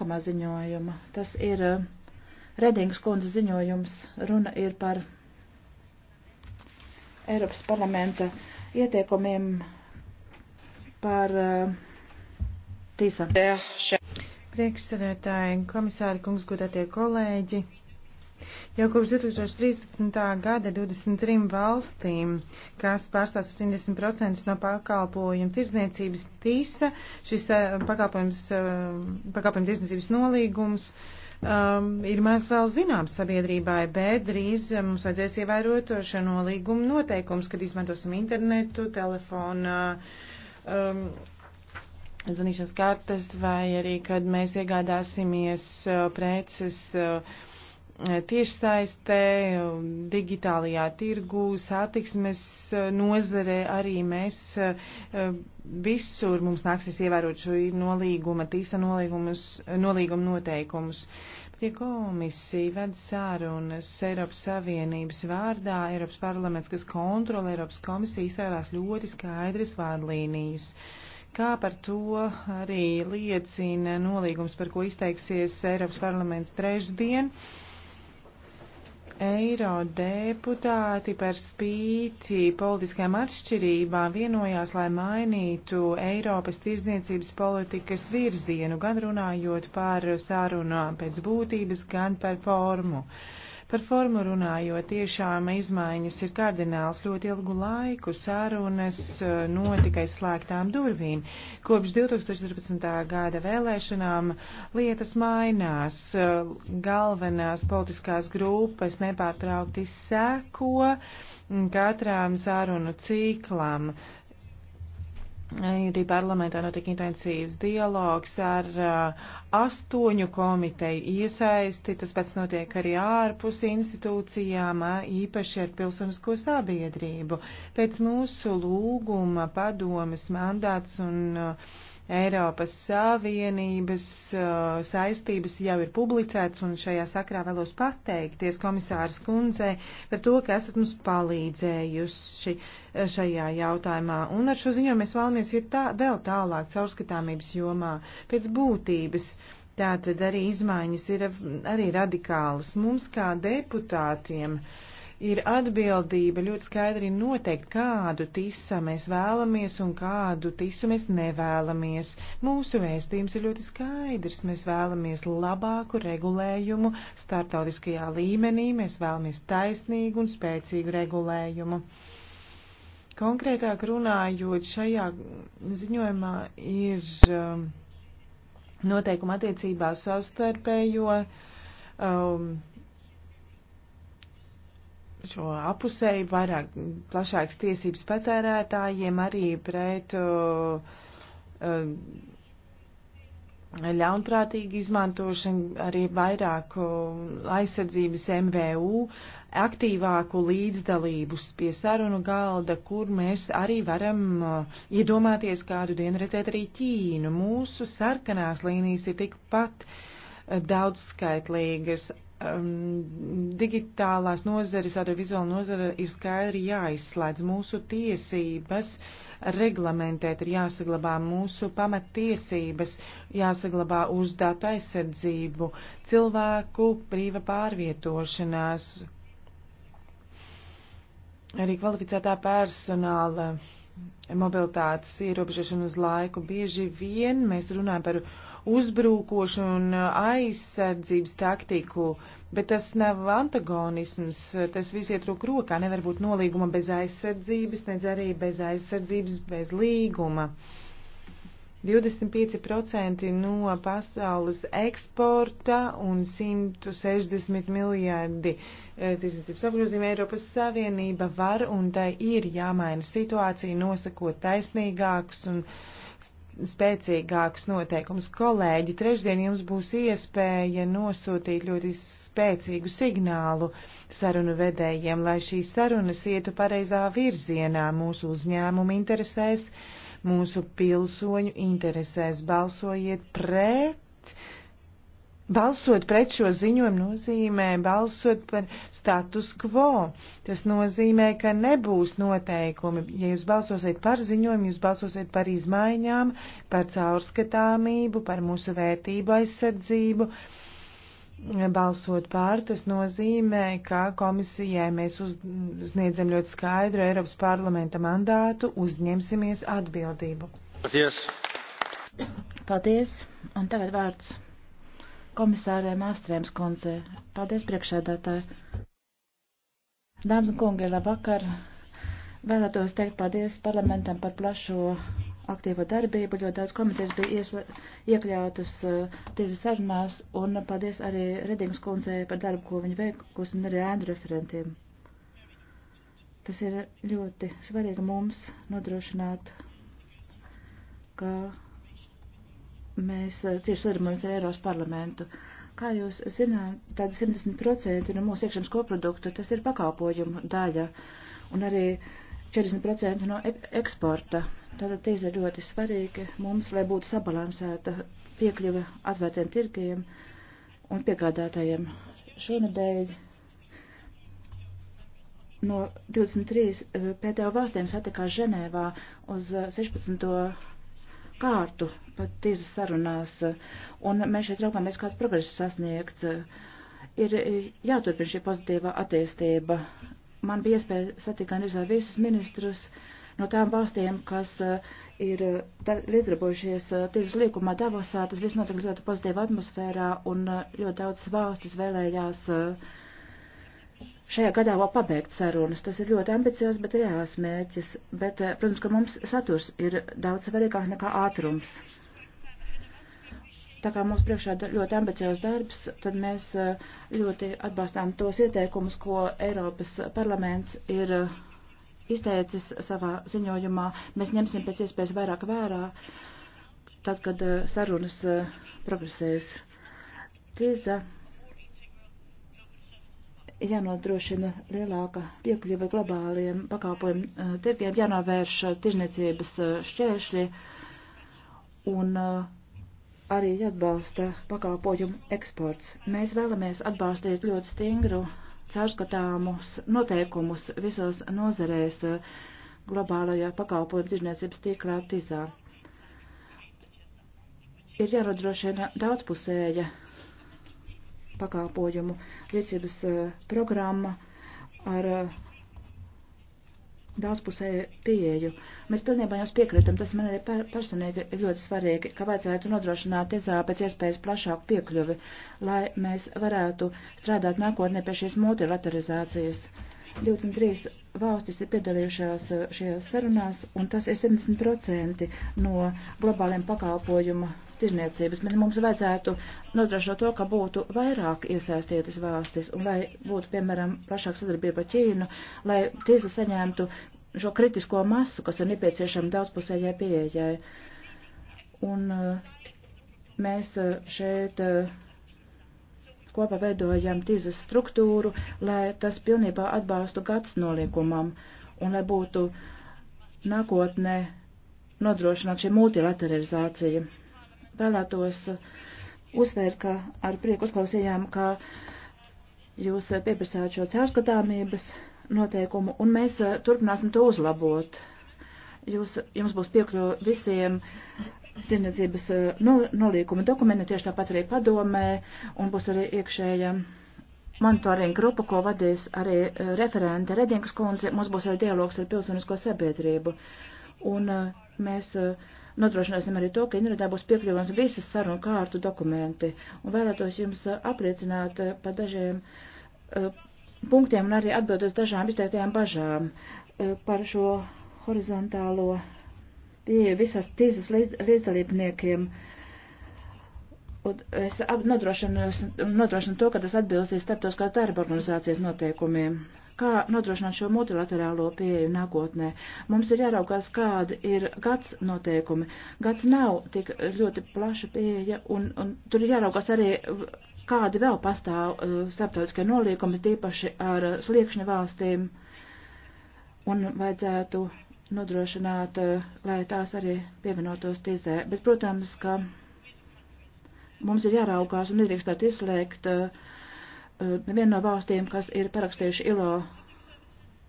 nākamā ziņojuma. Tas ir eh, Redings kundze ziņojums. Runa ir par Eiropas parlamenta ieteikumiem par eh, tīsām. Priekšsēdētāji, komisāri, kungs, godātie kolēģi. Jau kopš 2013. gada 23 valstīm, kas pārstāv 70% no pakalpojumu tirzniecības tīsa, šis eh, pakalpojums, eh, pakalpojumu tirzniecības nolīgums um, ir maz vēl zināms sabiedrībai, bet drīz eh, mums vajadzēs ievērot šo nolīgumu noteikums, kad izmantosim internetu, telefonu. Um, zvanīšanas kartes vai arī, kad mēs iegādāsimies preces uh, Eh, tiešsaistē, um, digitālajā tirgū, satiksmes eh, nozarē arī mēs eh, visur mums nāksies ievērot šo nolīguma, tīsa nolīguma noteikumus. Pie komisija ved sārunas Eiropas Savienības vārdā, Eiropas parlaments, kas kontrola Eiropas komisiju, izstrādās ļoti skaidras vārdlīnijas. Kā par to arī liecina nolīgums, par ko izteiksies Eiropas parlaments trešdien. Uh, eiro deputāti par spīti politiskajām atšķirībām vienojās, lai mainītu Eiropas tirzniecības politikas virzienu, gan runājot par sarunām pēc būtības, gan par formu. Uh, Par formu runājot, tiešām izmaiņas ir kardināls ļoti ilgu laiku. Sārunas e, notika aizslēgtām durvīm. Kopš 2014. gada vēlēšanām lietas mainās. E, galvenās politiskās grupas nepārtraukti seko katrām sārunu ciklam. Uh, Arī parlamentā notiek intensīvs dialogs ar uh, astoņu komiteju iesaisti, tas pats notiek arī ārpus institūcijām, uh, īpaši ar pilsonisko sabiedrību. Pēc mūsu lūguma padomas mandāts un uh, Eiropas Savienības uh, saistības jau ir publicētas, un šajā sakrā vēlos pateikties komisāras kundzei par to, ka esat mums palīdzējuši uh, šajā jautājumā. Un ar šo ziņo mēs vēlamies iet tā, vēl tālāk caurskatāmības jomā pēc būtības. Tātad arī izmaiņas ir arī radikālas mums kā deputātiem. Uh, ir atbildība ļoti skaidri noteikt, kādu tisa mēs vēlamies un kādu tisu mēs nevēlamies. Mūsu vēstījums ir ļoti skaidrs. Mēs vēlamies labāku regulējumu starptautiskajā līmenī, mēs vēlamies taisnīgu un spēcīgu regulējumu. Konkrētāk runājot, šajā ziņojumā ir um, noteikuma attiecībā savstarpējo um, šo apusēju, vairāk plašāks tiesības patērētājiem arī pret uh, uh, ļaunprātīgu izmantošanu, arī vairāku uh, aizsardzības MVU, aktīvāku līdzdalību pie sarunu galda, kur mēs arī varam uh, iedomāties kādu dienu redzēt arī Ķīnu. Mūsu sarkanās līnijas ir tikpat uh, daudzskaitlīgas um, digitālās nozares, audiovizuāla nozara ir skaidri jāizslēdz. Mūsu tiesības reglamentēt ir jāsaglabā mūsu pamattiesības, jāsaglabā uz datu aizsardzību, cilvēku brīva pārvietošanās, arī kvalificētā personāla mobilitātes ierobežošanu uz laiku. Bieži vien mēs runājam par uzbrukošu un uh, aizsardzības taktiku, bet tas nav antagonisms, tas viss iet roku rokā, nevar būt nolīguma bez aizsardzības, nedz arī bez aizsardzības bez līguma. 25% no pasaules eksporta un 160 miljārdi eh, tirsniecības apgrozījuma Eiropas Savienība var un tai ir jāmaina situācija, nosakot taisnīgākus un uh, spēcīgākus noteikumus. Kolēģi, trešdien jums būs iespēja nosūtīt ļoti spēcīgu signālu sarunu vedējiem, lai šīs sarunas ietu pareizā virzienā mūsu uzņēmumu interesēs, mūsu pilsoņu interesēs. Balsojiet pret Balsot pret šo ziņojumu nozīmē balsot par status quo. Tas nozīmē, ka nebūs noteikumi. Ja jūs balsosiet par ziņojumu, jūs balsosiet par izmaiņām, par caurskatāmību, par mūsu vērtību aizsardzību. Balsot pār, tas nozīmē, ka komisijai mēs sniedzam ļoti skaidru Eiropas parlamenta mandātu, uzņemsimies atbildību. Paldies! Paldies! Un tagad vārds komisārē Māstrēms kundze. Paldies priekšēdātāji. Dāmas un kungi, labvakar. Vēlētos teikt paldies parlamentam par plašo aktīvo darbību. Ļoti daudz komitejas bija iesla, iekļautas uh, tiesas sarunās un paldies arī Redings kundzei par darbu, ko viņa veikusi un arī ēnu referentiem. Tas ir ļoti svarīgi mums nodrošināt, ka mēs eh, cieši sadarbojamies ar Eiropas parlamentu. Kā jūs zināt, tāda 70% no mūsu iekšzemes koprodukta tas ir pakalpojumu daļa un arī 40% no e-, eksporta. Tātad tīs ir ļoti svarīgi mums, lai būtu sabalansēta piekļuve atvērtiem tirgiem un piegādātājiem. Šonadēļ no 23 eh, pēdējo valstiem satikās Ženēvā uz 16. Eh, kārtu pat tīzas sarunās, un mēs šeit raugāmies, kāds progress sasniegts. Ir jāturpina šī pozitīvā attīstība. Man bija iespēja satikt gan visus ministrus no tām valstīm, kas eh, ir līdzdarbojušies eh, tiesas līkumā Davosā. Tas viss notika ļoti pozitīvā atmosfērā, un eh, ļoti daudzas valstis vēlējās šajā gadā vēl pabeigt sarunas. Tas ir ļoti ambiciozs, bet reāls mērķis. Bet, protams, ka mums saturs ir daudz svarīgāk nekā ātrums. Tā kā mums priekšā ļoti ambiciozs darbs, tad mēs eh, ļoti atbalstām tos ieteikumus, ko Eiropas parlaments ir eh, izteicis savā ziņojumā. Mēs ņemsim pēc iespējas vairāk vērā, tad, kad eh, sarunas progresēs. Tīza jānodrošina lielāka piekļuve globāliem pakalpojumu tirgiem, jānovērš tirzniecības šķēršļi un uh, arī atbalsta pakalpojumu eksports. Mēs vēlamies atbalstīt ļoti stingru, caurskatāmus noteikumus visos nozerēs eh, globālajā pakalpojumu tirzniecības tīklā TIZā. Ir jānodrošina daudzpusēja pakalpojumu rīcības eh, programma ar eh, daudzpusēju pieeju. Mēs pilnībā jums piekrītam, tas man arī personīgi ir ļoti svarīgi, ka vajadzētu nodrošināt ezā pēc iespējas plašāku piekļuvi, lai mēs varētu strādāt nākotnē pie šīs multilaterizācijas. 23 valstis ir piedalījušās eh, šajās sarunās, un tas ir 70% no globāliem pakalpojumu tirzniecības, bet mums vajadzētu nodrošināt to, ka būtu vairāk iesaistītas valstis un lai būtu, piemēram, plašāk sadarbība ar Ķīnu, lai tiesa saņemtu šo kritisko masu, kas ir nepieciešama daudzpusējai pieejai. Un uh, mēs uh, šeit uh, kopā veidojam tīzas struktūru, lai tas pilnībā atbalstu gads noliekumam un lai būtu nākotnē nodrošināt šī multilateralizācija vēlētos uh, uzsvērt, ka ar prieku uzklausījām, ka jūs uh, pieprasāt šo caurskatāmības noteikumu, un mēs uh, turpināsim to uzlabot. Jūs, jums būs piekļu visiem tirnedzības nolīkuma dokumenti, tieši tāpat arī padomē, un būs arī iekšēja monitoringa grupa, ko vadīs arī referente Redinkas kundze. Mums būs arī dialogs ar pilsonisko sabiedrību. Un mēs uh, nodrošināsim arī to, ka internetā būs piekļuvams visas sarunu kārtu dokumenti. Un vēlētos jums uh, apliecināt uh, par dažiem uh, punktiem un arī atbildēt dažām izteiktajām bažām par šo horizontālo pieeju visās tīzas līdzdalībniekiem. Un es nodrošinu, nodrošinu to, ka tas atbilstīs starptautiskās darba organizācijas noteikumiem kā nodrošināt šo multilaterālo pieeju nākotnē. Mums ir jāraukās, kāda ir gads noteikumi. Gads nav tik ļoti plaša pieeja, un, un tur ir jāraukās arī, kādi vēl pastāv uh, starptautiskie nolīkumi, tīpaši ar sliekšņu valstīm, un vajadzētu nodrošināt, uh, lai tās arī pievienotos tīzē. Bet, protams, ka mums ir jāraukās un nedrīkstētu izslēgt uh, neviena eh, no valstīm, kas ir parakstījuši ILO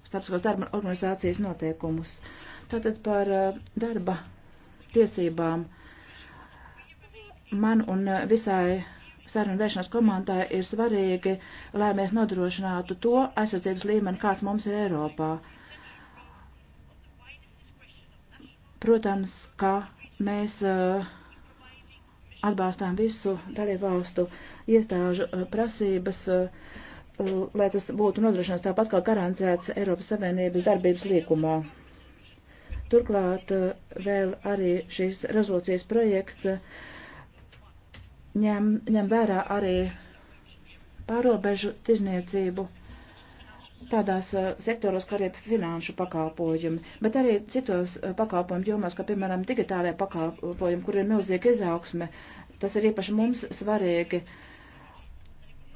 starptautiskās darba organizācijas noteikumus. Tātad par eh, darba tiesībām man un eh, visai sarunu vēršanas komandai ir svarīgi, lai mēs nodrošinātu to aizsardzības līmeni, kāds mums ir Eiropā. Protams, ka mēs uh, atbalstām visu dalībvalstu iestāžu uh, prasības, uh, uh, lai tas būtu nodrošināts tāpat kā garantēts Eiropas Savienības darbības līkumā. Turklāt vēl arī šīs rezolūcijas projekts ņem, ņem vērā arī pārobežu tirzniecību tādās sektoros, kā arī finanšu pakalpojumi, bet arī citos pakalpojumu jomās, kā piemēram digitālajā pakalpojumi, kur ir milzīga izaugsme, Tas ir īpaši mums svarīgi.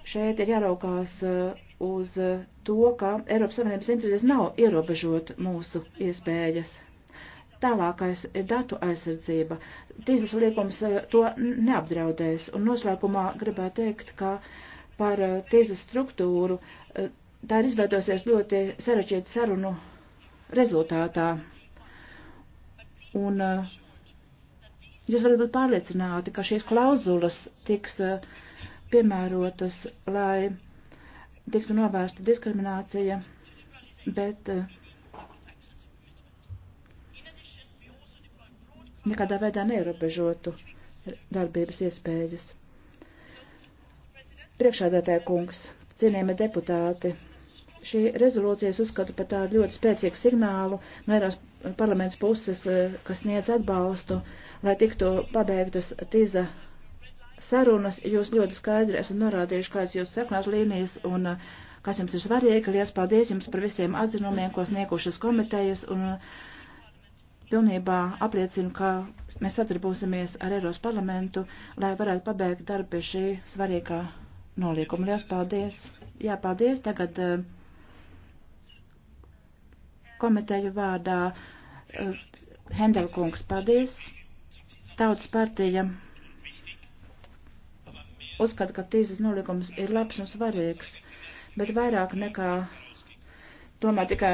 Šeit ir jāraukās uh, uz uh, to, ka Eiropas Savienības intereses nav ierobežot mūsu iespējas. Tālākais ir datu aizsardzība. Tīzes liekums uh, to neapdraudēs. Un noslēgumā gribētu teikt, ka par tīzes struktūru tā ir izveidosies ļoti sarežģīta sarunu rezultātā. Un uh, Jūs varat būt pārliecināti, ka šīs klauzulas tiks eh, piemērotas, lai tiktu novērsta diskriminācija, bet eh, nekādā veidā neierobežotu darbības iespējas. Priekšādātāja kungs, cienījami deputāti, Šī rezolūcija es uzskatu par tādu ļoti spēcīgu signālu mērās parlaments puses, eh, kas sniedz atbalstu, lai tiktu pabeigtas tīza sarunas. Jūs ļoti skaidri esat norādījuši, kādas jūs sekmās līnijas un eh, kas jums ir svarīgi. Lielas paldies jums par visiem atzinumiem, ko sniegušas komitejas. Un, eh, pilnībā apliecina, ka mēs sadarbosimies ar Eiros parlamentu, lai varētu pabeigt darbu pie šī svarīgā nolīkuma. Lielas paldies! Jā, paldies! Tagad uh, komiteju vārdā. Eh, Hendelkungs, paldies. Tautas partija uzskata, ka tīzes nolikums ir labs un svarīgs, bet vairāk nekā tomēr tikai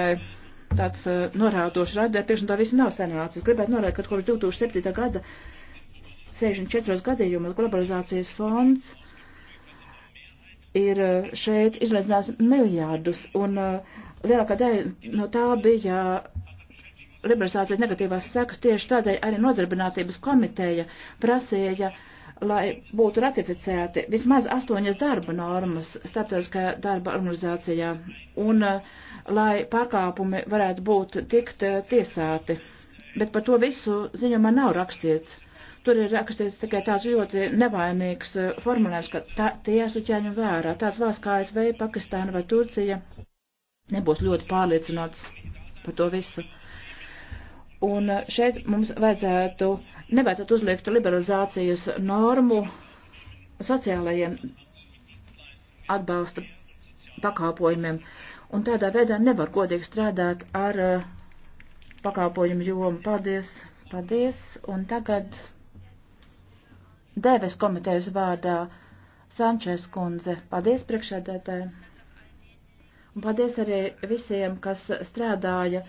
tāds uh, norādošs radē, priekš un tā viss nav sanācis. Gribētu norādīt, ka kopš 2007. gada 64 gadījumos globalizācijas fonds ir eh, šeit izlaicinās miljārdus, un uh, lielākā daļa no tā bija uh, liberalizācijas negatīvās sekas. Tieši tādēļ arī nodarbinātības komiteja prasīja, lai būtu ratificēti vismaz astoņas darba normas starptautiskajā darba organizācijā un uh, lai pārkāpumi varētu būt tikt uh, tiesāti. Bet par to visu ziņumā nav rakstīts. Tur ir rakstīts tikai tāds ļoti nevainīgs formulējums, ka tā, tie jāsuķēņu vērā. Tāds valsts kā ASV, Pakistāna vai Turcija nebūs ļoti pārliecināts par to visu. Un šeit mums vajadzētu, nevajadzētu uzliekt liberalizācijas normu sociālajiem atbalsta pakāpojumiem, un tādā veidā nevar godīgi strādāt ar uh, pakāpojumu jomu. Paldies, paldies, un tagad Dēves komitejas vārdā Sančes kundze. Paldies, priekšādētāji! Un paldies arī visiem, kas strādāja,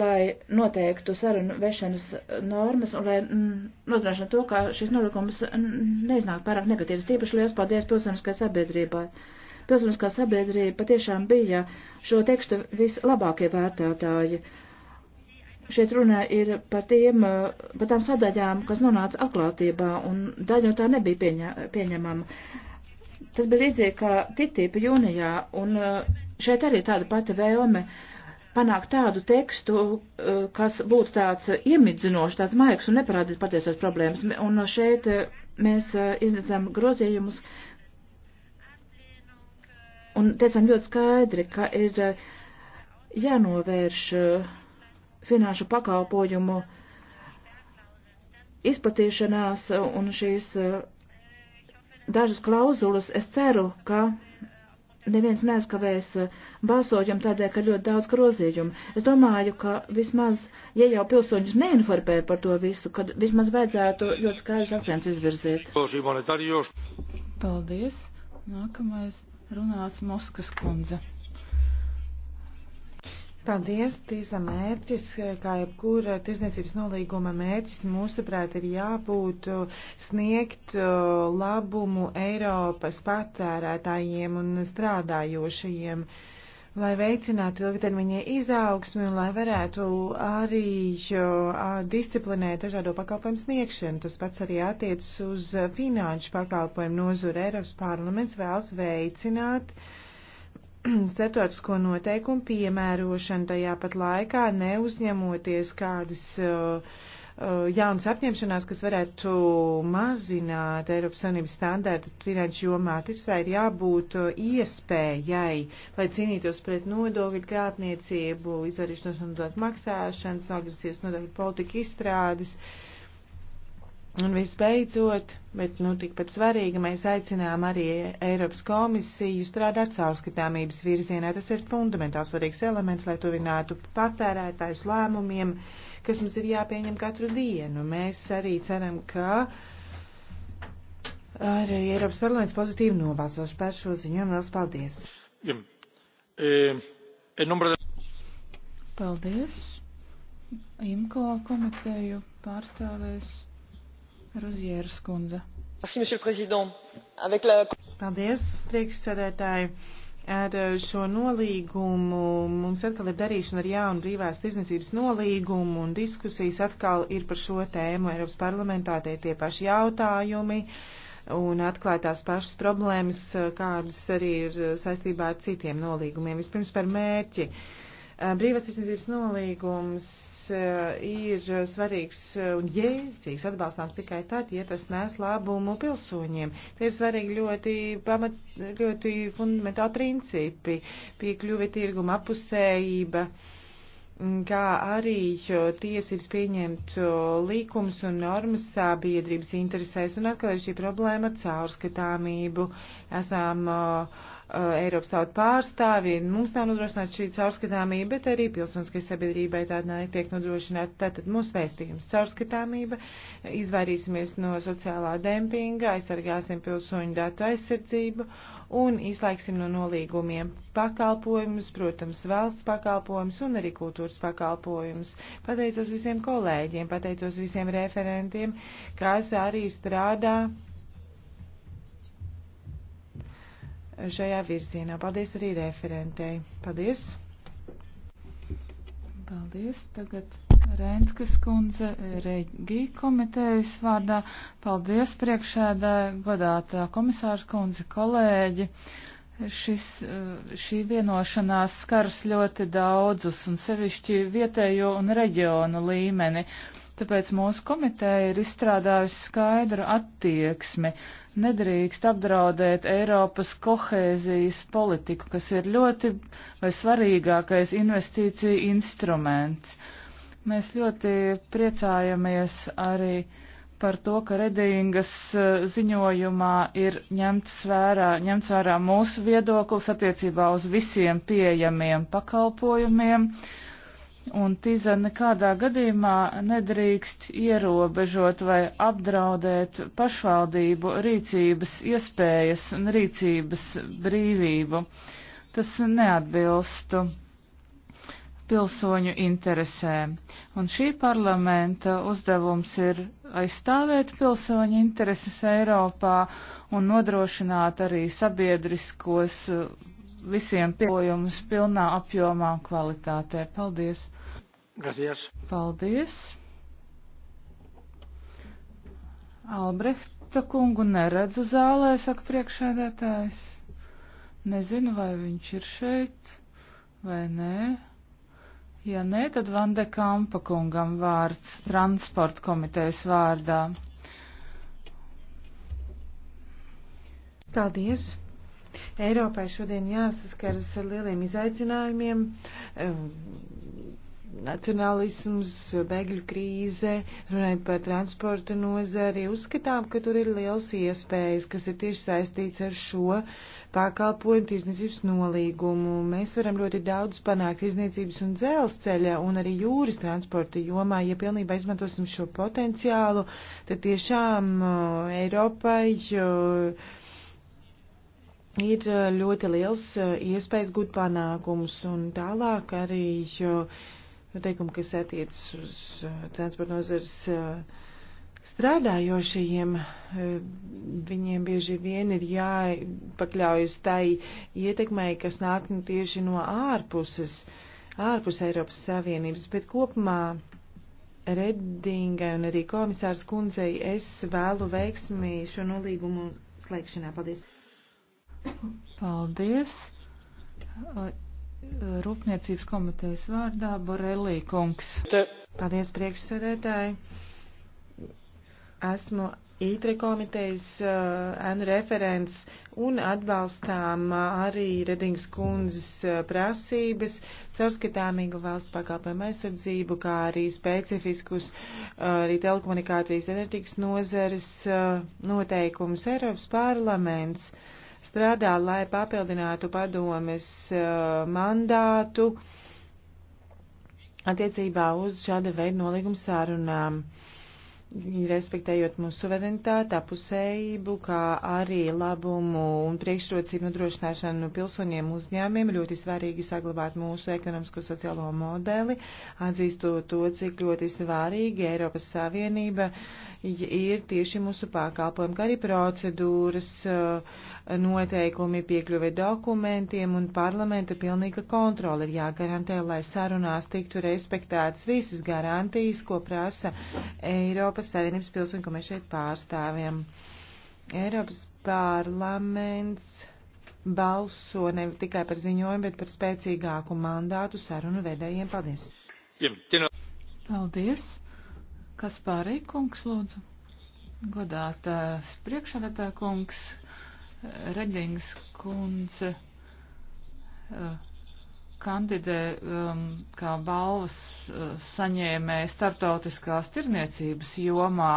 lai noteiktu sarunu vešanas normas un lai mm, nodrošinātu to, ka šis nolikums neiznāk pārāk negatīvs. Tīpaši liels paldies pilsoniskai sabiedrībai pilsoniskā sabiedrība patiešām bija šo tekstu vislabākie vērtētāji. Šeit runā ir par, tiem, par tām sadaļām, kas nonāca atklātībā, un daļa no tā nebija pieņa, pieņemama. Tas bija līdzīgi kā TTIP jūnijā, un Šeit arī tāda pati vēlme panākt tādu tekstu, eh, kas būtu tāds iemidzinošs, tāds maigs un neparādīt patiesās problēmas. Un šeit eh, mēs eh, iznesam grozījumus un teicam ļoti skaidri, ka ir jānovērš finanšu pakalpojumu izplatīšanās un šīs dažas klauzulas. Es ceru, ka neviens neaizkavēs eh, balsojumu tādēļ, ka ļoti daudz grozījumu. Es domāju, ka vismaz, ja jau pilsoņus neinformē par to visu, kad vismaz vajadzētu ļoti skaidrs akcents izvirzīt. Paldies. Nākamais runās Moskas kundze. Paldies, tīsa mērķis, kā jebkura tirsniecības nolīguma mērķis, mūsuprāt, ir jābūt uh, sniegt uh, labumu Eiropas patērētājiem un strādājošajiem, lai veicinātu ilgtermiņa izaugsmi un lai varētu arī uh, disciplinēt dažādo pakalpojumu sniegšanu. Tas pats arī attiecas uz finanšu pakalpojumu nozuru. Eiropas parlaments vēlas veicināt uh, starptautisko noteikumu piemērošanu tajā pat laikā, neuzņemoties kādas uh, uh jaunas apņemšanās, kas varētu mazināt Eiropas Savienības standārtu finanšu jomā. Tirsā ir jābūt uh, iespējai, lai cīnītos pret nodokļu krāpniecību, izvarīšanos un dot maksāšanas, nograsies nodokļu politika izstrādes. Uh, Un visbeidzot, bet nu tikpat svarīgi, mēs aicinām arī Eiropas komisiju strādāt caurskatāmības virzienā. Tas ir fundamentāls svarīgs elements, lai tuvinātu patērētājus lēmumiem, kas mums ir jāpieņem katru dienu. Mēs arī ceram, ka arī Eiropas parlaments pozitīvi nobalsos par šo ziņojumu. Lielas paldies! E, paldies! Imko komiteju pārstāvēs. Rozjēras kundze. Paldies, priekšsēdētāji. Ar eh, šo nolīgumu mums atkal ir darīšana ar jaunu brīvās tirzniecības nolīgumu un diskusijas atkal ir par šo tēmu Eiropas parlamentā, tie tie paši jautājumi un atklāt tās pašas problēmas, eh, kādas arī ir eh, saistībā ar citiem nolīgumiem. Vispirms par mērķi. Brīvās tirzniecības nolīgums Eh, ir svarīgs eh, un jēdzīgs, atbalstāms tikai tad, ja tas nes labumu pilsoņiem. Tie ir svarīgi ļoti, pamat, ļoti fundamentāli principi - piekļuve tirguma apusējība, mm, kā arī tiesības pieņemt līkums un normas sabiedrības interesēs un atkal ir šī problēma caurskatāmību. Esam, uh, Eh, Eiropas tautu pārstāvji, mums nav nodrošināta šī caurskatāmība, bet arī pilsoniskai sabiedrībai tāda netiek nodrošināta. Tātad mūsu vēstījums caurskatāmība, izvairīsimies no sociālā dempinga, aizsargāsim pilsoņu datu aizsardzību un izlaiksim no nolīgumiem pakalpojumus, protams, valsts pakalpojumus un arī kultūras pakalpojumus. Pateicos visiem kolēģiem, pateicos visiem referentiem, kas arī strādā šajā virzienā. Paldies arī referentei. Paldies! Paldies! Tagad Rēnskas kundze Reģī komitejas vārdā. Paldies priekšēdē, godātā komisārs kundze, kolēģi! Šis, eh, šī vienošanās skars ļoti daudzus un sevišķi vietējo un reģionu līmeni. Uh, Tāpēc mūsu komiteja ir izstrādājusi skaidru attieksmi. Nedrīkst apdraudēt Eiropas kohēzijas politiku, kas ir ļoti vai svarīgākais investīciju instruments. Mēs ļoti priecājamies arī par to, ka Redingas eh, ziņojumā ir ņemts vērā, ņemts vērā mūsu viedoklis attiecībā uz visiem pieejamiem pakalpojumiem. Uh, un tiza nekādā gadījumā nedrīkst ierobežot vai apdraudēt pašvaldību rīcības iespējas un rīcības brīvību. Tas neatbilstu pilsoņu interesēm. Un šī parlamenta uzdevums ir aizstāvēt pilsoņu intereses Eiropā un nodrošināt arī sabiedriskos visiem pieejamus pilnā apjomā un kvalitātē. Paldies! Gracias. Paldies. Albrehta kungu neredzu zālē, saka priekšēdētājs. Nezinu, vai viņš ir šeit vai nē. Ja nē, tad Vande Kampa kungam vārds transporta komitejas vārdā. Paldies! Eiropai šodien jāsaskaras ar lieliem izaicinājumiem nacionālisms, bēgļu krīze, runājot par transporta nozari, uzskatām, ka tur ir liels iespējas, kas ir tieši saistīts ar šo pakalpojumu tirzniecības nolīgumu. Mēs varam ļoti daudz panākt tirzniecības un dzelzceļa un arī jūras transporta jomā, ja pilnībā izmantosim šo potenciālu, tad tiešām uh, Eiropai. Uh, ir ļoti liels iespējas gūt panākumus un tālāk arī. Jo, uh, noteikumi, kas attiecas uz uh, transporta nozars uh, strādājošajiem, uh, viņiem bieži vien ir jāpakļaujas tai ietekmei, kas nāk nu tieši no ārpuses, ārpus Eiropas Savienības, bet kopumā Redingai un arī komisārs kundzei es vēlu veiksmi šo nolīgumu slēgšanā. Paldies! Paldies! Rūpniecības komitejas vārdā Borelī kungs. Paldies, priekšsēdētāji. Esmu ITRE komitejas eh, ēnu uh, referents un atbalstām uh, arī Redings kundzes uh, prasības, caurskatāmīgu valsts pakalpojumu aizsardzību, kā arī specifiskus arī telekomunikācijas enerģikas nozares noteikumus Eiropas parlaments. Uh, strādā, lai papildinātu padomes eh, mandātu attiecībā uz šāda veida nolīguma sārunām, respektējot mūsu suverenitāti, apusējību, kā arī labumu un priekšrocību nodrošināšanu pilsoņiem uzņēmiem. Ļoti svarīgi saglabāt mūsu ekonomisko sociālo modeli, atzīstot to, cik ļoti svarīgi Eiropas Savienība ir tieši mūsu pakalpojumi, kā arī procedūras, eh, noteikumi piekļuve dokumentiem un parlamenta pilnīga kontrola ir jāgarantē, lai sarunās tiktu respektētas visas garantijas, ko prasa Eiropas Savienības pilsoņi, ko mēs šeit pārstāvjam. Eiropas parlaments balso ne tikai par ziņojumu, bet par spēcīgāku mandātu sarunu vedējiem. Paldies! Paldies! Kas pārī, kungs, lūdzu? Godātās priekšsēdētā kungs, Redings kundze eh, kandidē um, kā balvas uh, saņēmēja startautiskās tirniecības jomā.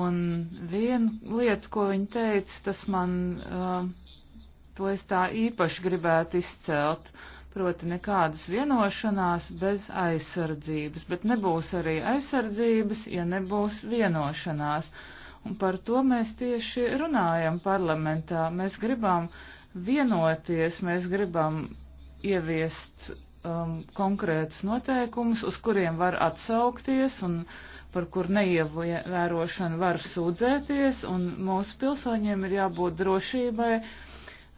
Un viena lieta, ko viņa teica, tas man, uh, to es tā īpaši gribētu izcelt, proti nekādas vienošanās bez aizsardzības, bet nebūs arī aizsardzības, ja nebūs vienošanās. Uh, Un par to mēs tieši runājam parlamentā. Mēs gribam vienoties, mēs gribam ieviest um, konkrētus noteikumus, uz kuriem var atsaukties un par kur neievērošanu var sūdzēties, un mūsu pilsoņiem ir jābūt drošībai,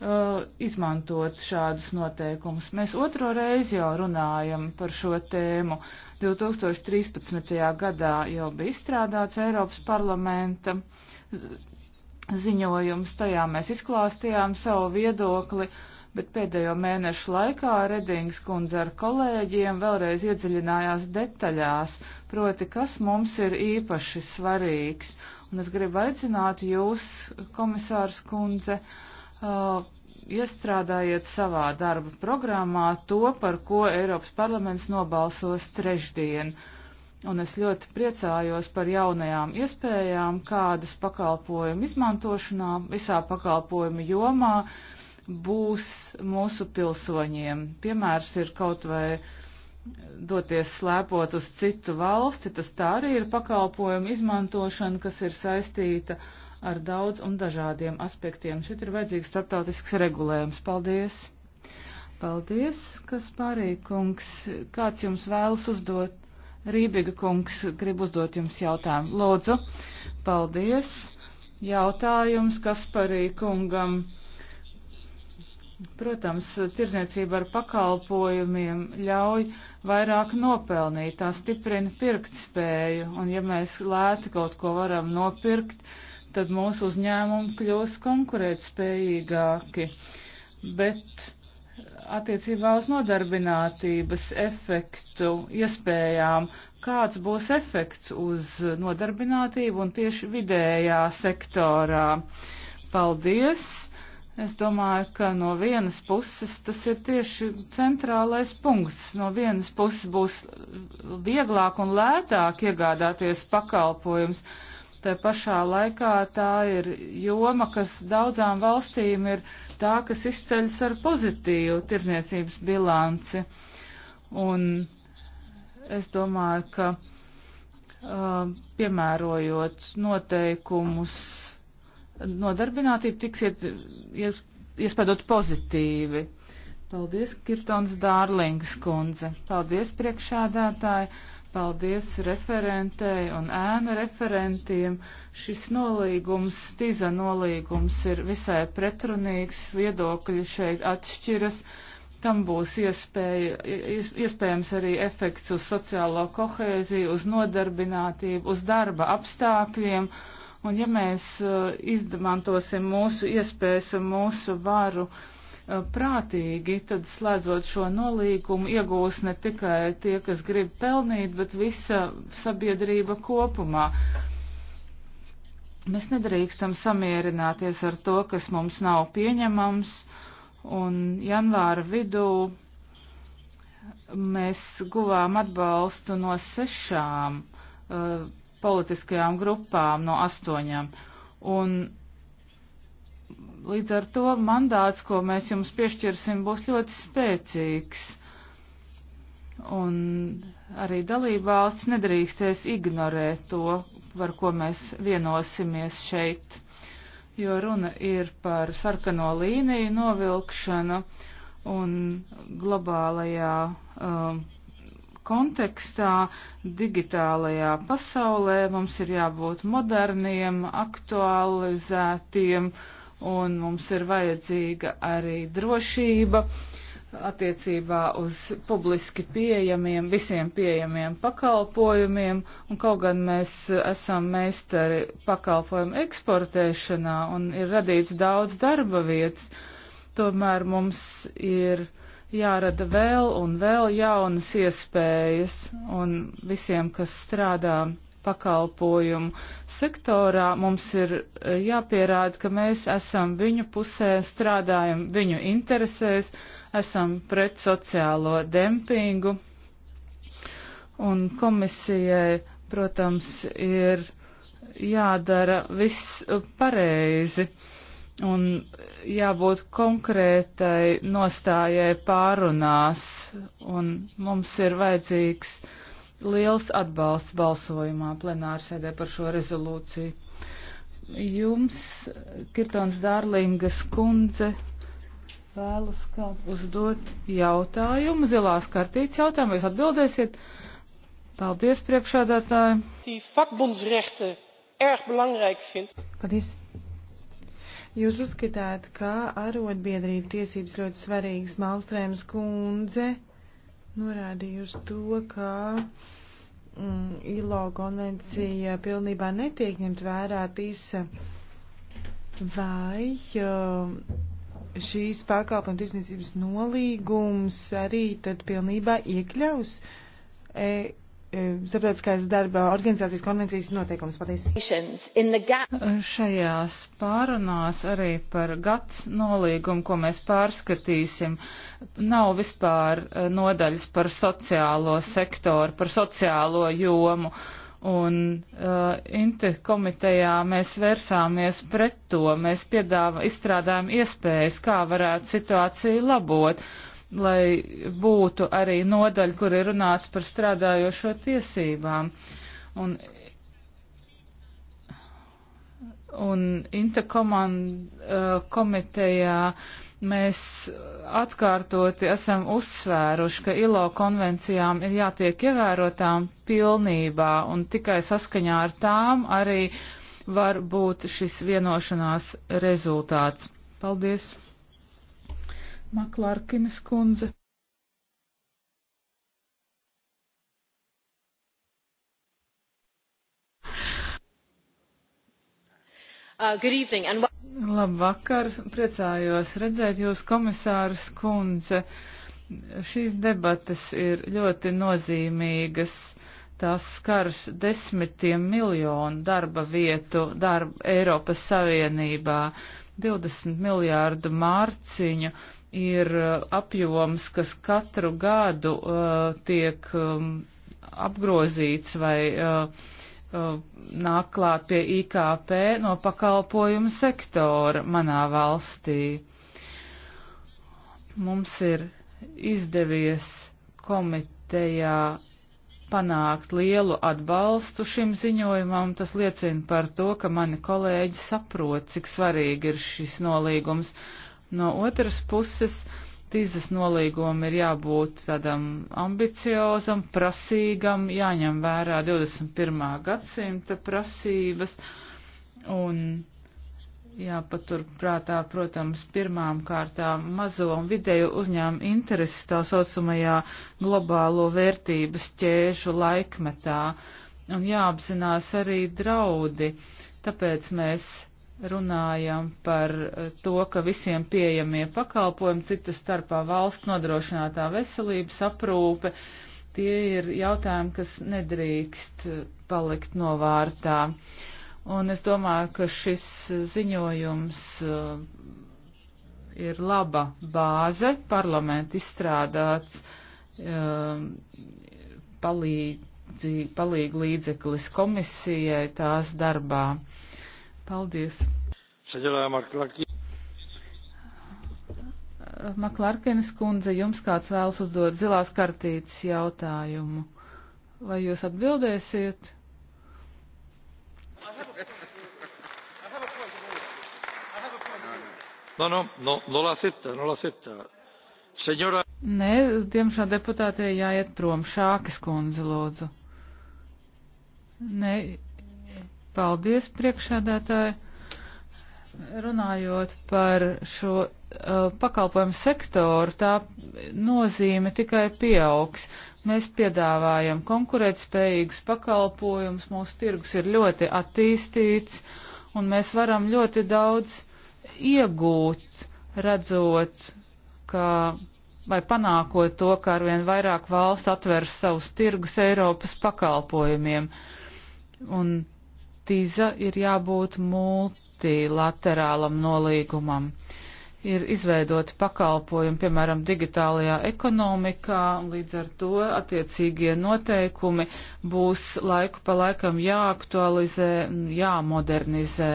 uh, izmantot šādus noteikumus. Mēs otro reizi jau runājam par šo tēmu. 2013. gadā jau bija izstrādāts Eiropas parlamenta ziņojums, tajā mēs izklāstījām savu viedokli, bet pēdējo mēnešu laikā Redings kundze ar kolēģiem vēlreiz iedziļinājās detaļās, proti, kas mums ir īpaši svarīgs. Un es gribu aicināt jūs, komisārs kundze, uh, Uh, iestrādājiet savā darba programmā to, par ko Eiropas parlaments nobalsos trešdien. Un es ļoti priecājos par jaunajām iespējām, kādas pakalpojumu izmantošanā visā pakalpojumu jomā būs mūsu pilsoņiem. Piemērs ir kaut vai doties slēpot uz citu valsti, tas tā arī ir pakalpojumu izmantošana, kas ir saistīta ar ar daudz un dažādiem aspektiem. Šeit ir vajadzīgs starptautisks regulējums. Paldies! Paldies, kas pārī, kungs. Kāds jums vēlas uzdot? Rībiga kungs grib uzdot jums jautājumu. Lūdzu, paldies. Jautājums Kasparī kungam. Protams, tirzniecība ar pakalpojumiem ļauj vairāk nopelnīt, tā stiprina pirktspēju, un ja mēs lēti kaut ko varam nopirkt, uh, tad mūsu uzņēmumi kļūs konkurētspējīgāki. Bet attiecībā uz nodarbinātības efektu iespējām, kāds būs efekts uz nodarbinātību un tieši vidējā sektorā. Paldies! Es domāju, ka no vienas puses tas ir tieši centrālais punkts. No vienas puses būs vieglāk un lētāk iegādāties pakalpojums Te eh, pašā laikā tā ir joma, kas daudzām valstīm ir tā, kas izceļas ar pozitīvu tirdzniecības bilanci. Un es domāju, ka uh, piemērojot noteikumus, nodarbinātība tiks iet, ies, iespēdot pozitīvi. Paldies, Kirtons Dārlings kundze. Paldies, priekšādātāji. Paldies referentei un ēnu referentiem. Šis nolīgums, tīza nolīgums, ir visai pretrunīgs, viedokļi šeit atšķiras. Tam būs iespēja, iespējams arī efekts uz sociālo kohēziju, uz nodarbinātību, uz darba apstākļiem. Un ja mēs uh, izmantosim mūsu iespējas un mūsu varu, uh, Eh, prātīgi, tad slēdzot šo nolīgumu iegūs ne tikai tie, kas grib pelnīt, bet visa sabiedrība kopumā. Mēs nedrīkstam samierināties ar to, kas mums nav pieņemams, un janvāra vidū mēs guvām atbalstu no sešām uh, politiskajām grupām, no astoņām. Un līdz ar to mandāts, ko mēs jums piešķirsim, būs ļoti spēcīgs. Un arī dalībvalsts nedrīkstēs ignorēt to, par ko mēs vienosimies šeit, jo runa ir par sarkano līniju novilkšanu un globālajā um, kontekstā, digitālajā pasaulē mums ir jābūt moderniem, aktualizētiem, uh, un mums ir vajadzīga arī drošība attiecībā uz publiski pieejamiem, visiem pieejamiem pakalpojumiem, un kaut gan mēs esam meistari pakalpojumu eksportēšanā un ir radīts daudz darba vietas, tomēr mums ir jārada vēl un vēl jaunas iespējas, un visiem, kas strādā pakalpojumu sektorā mums ir e, jāpierāda, ka mēs esam viņu pusē, strādājam viņu interesēs, esam pret sociālo dempingu. Un komisijai, protams, ir jādara viss pareizi un jābūt konkrētai nostājai pārunās, un mums ir vajadzīgs liels atbalsts balsojumā plenārsēdē par šo rezolūciju. Jums, Kirtons Dārlingas kundze, vēlas kāds uzdot jautājumu, zilās kartītes jautājumu, vai jūs atbildēsiet? Paldies, priekšādātāji. Paldies. Jūs uzskatāt, ka arotbiedrību tiesības ļoti svarīgas, Maustrēmas kundze norādīja uz to, ka mm, ILO konvencija pilnībā netiek ņemt vērā tīsa vai um, šīs pakalpojumu tirsniecības nolīgums arī tad pilnībā iekļaus e, Starptautiskās darba organizācijas konvencijas noteikums. Paldies. Šajās pārunās arī par gads nolīgumu, ko mēs pārskatīsim, nav vispār nodaļas par sociālo sektoru, par sociālo jomu. Un uh, interkomitejā mēs vērsāmies pret to, mēs piedāvā, izstrādājam iespējas, kā varētu situāciju labot lai būtu arī nodaļa, kur ir runāts par strādājošo tiesībām. Un, un interkomand uh, komitejā mēs atkārtoti esam uzsvēruši, ka ILO konvencijām ir jātiek ievērotām pilnībā un tikai saskaņā ar tām arī var būt šis vienošanās rezultāts. Paldies! Maklārkinas kundze. Uh, good evening and Labvakar, priecājos redzēt jūs, komisārs Kunze. Šīs debatas ir ļoti nozīmīgas. Tās skars desmitiem miljonu darba vietu darba Eiropas Savienībā, 20 miljārdu mārciņu ir uh, apjoms, kas katru gadu uh, tiek um, apgrozīts vai uh, uh, nāk klāt pie IKP no pakalpojumu sektora manā valstī. Mums ir izdevies komitejā panākt lielu atbalstu šim ziņojumam. Tas liecina par to, ka mani kolēģi saprot, cik svarīgi ir šis nolīgums. No otras puses, tīzas nolīgumam ir jābūt tādam ambiciozam, prasīgam, jāņem vērā 21. gadsimta prasības un jāpatur prātā, protams, pirmām kārtām mazo un vidēju uzņēmumu intereses tā saucamajā globālo vērtības ķēžu laikmetā un jāapzinās arī draudi. Tāpēc mēs runājam par eh, to, ka visiem pieejamie pakalpojumi, citas starpā valsts nodrošinātā veselības aprūpe, tie ir jautājumi, kas nedrīkst palikt novārtā. Un es domāju, ka šis ziņojums eh, ir laba bāze, parlamenta izstrādāts eh, palīdz, palīg līdzeklis komisijai tās darbā. Paldies! Maklārkenes kundze, jums kāds vēlas uzdot zilās kartītes jautājumu. Vai jūs atbildēsiet? No, no, no, no la acepta, no la acepta. Senora... Nē, diemžēl deputātei jāiet prom. Šākas kundze, lūdzu. Nē, Paldies, priekšādātāji. Runājot par šo uh, pakalpojumu sektoru, tā nozīme tikai pieaugs. Mēs piedāvājam konkurētspējīgus pakalpojumus, mūsu tirgus ir ļoti attīstīts, un mēs varam ļoti daudz iegūt, redzot, ka vai panākot to, ka arvien vairāk valsts atvers savus tirgus Eiropas pakalpojumiem. Un TISA ir jābūt multilaterālam nolīgumam. Ir izveidoti pakalpojumi, piemēram, digitālajā ekonomikā, un līdz ar to attiecīgie noteikumi būs laiku pa laikam jāaktualizē, jāmodernizē.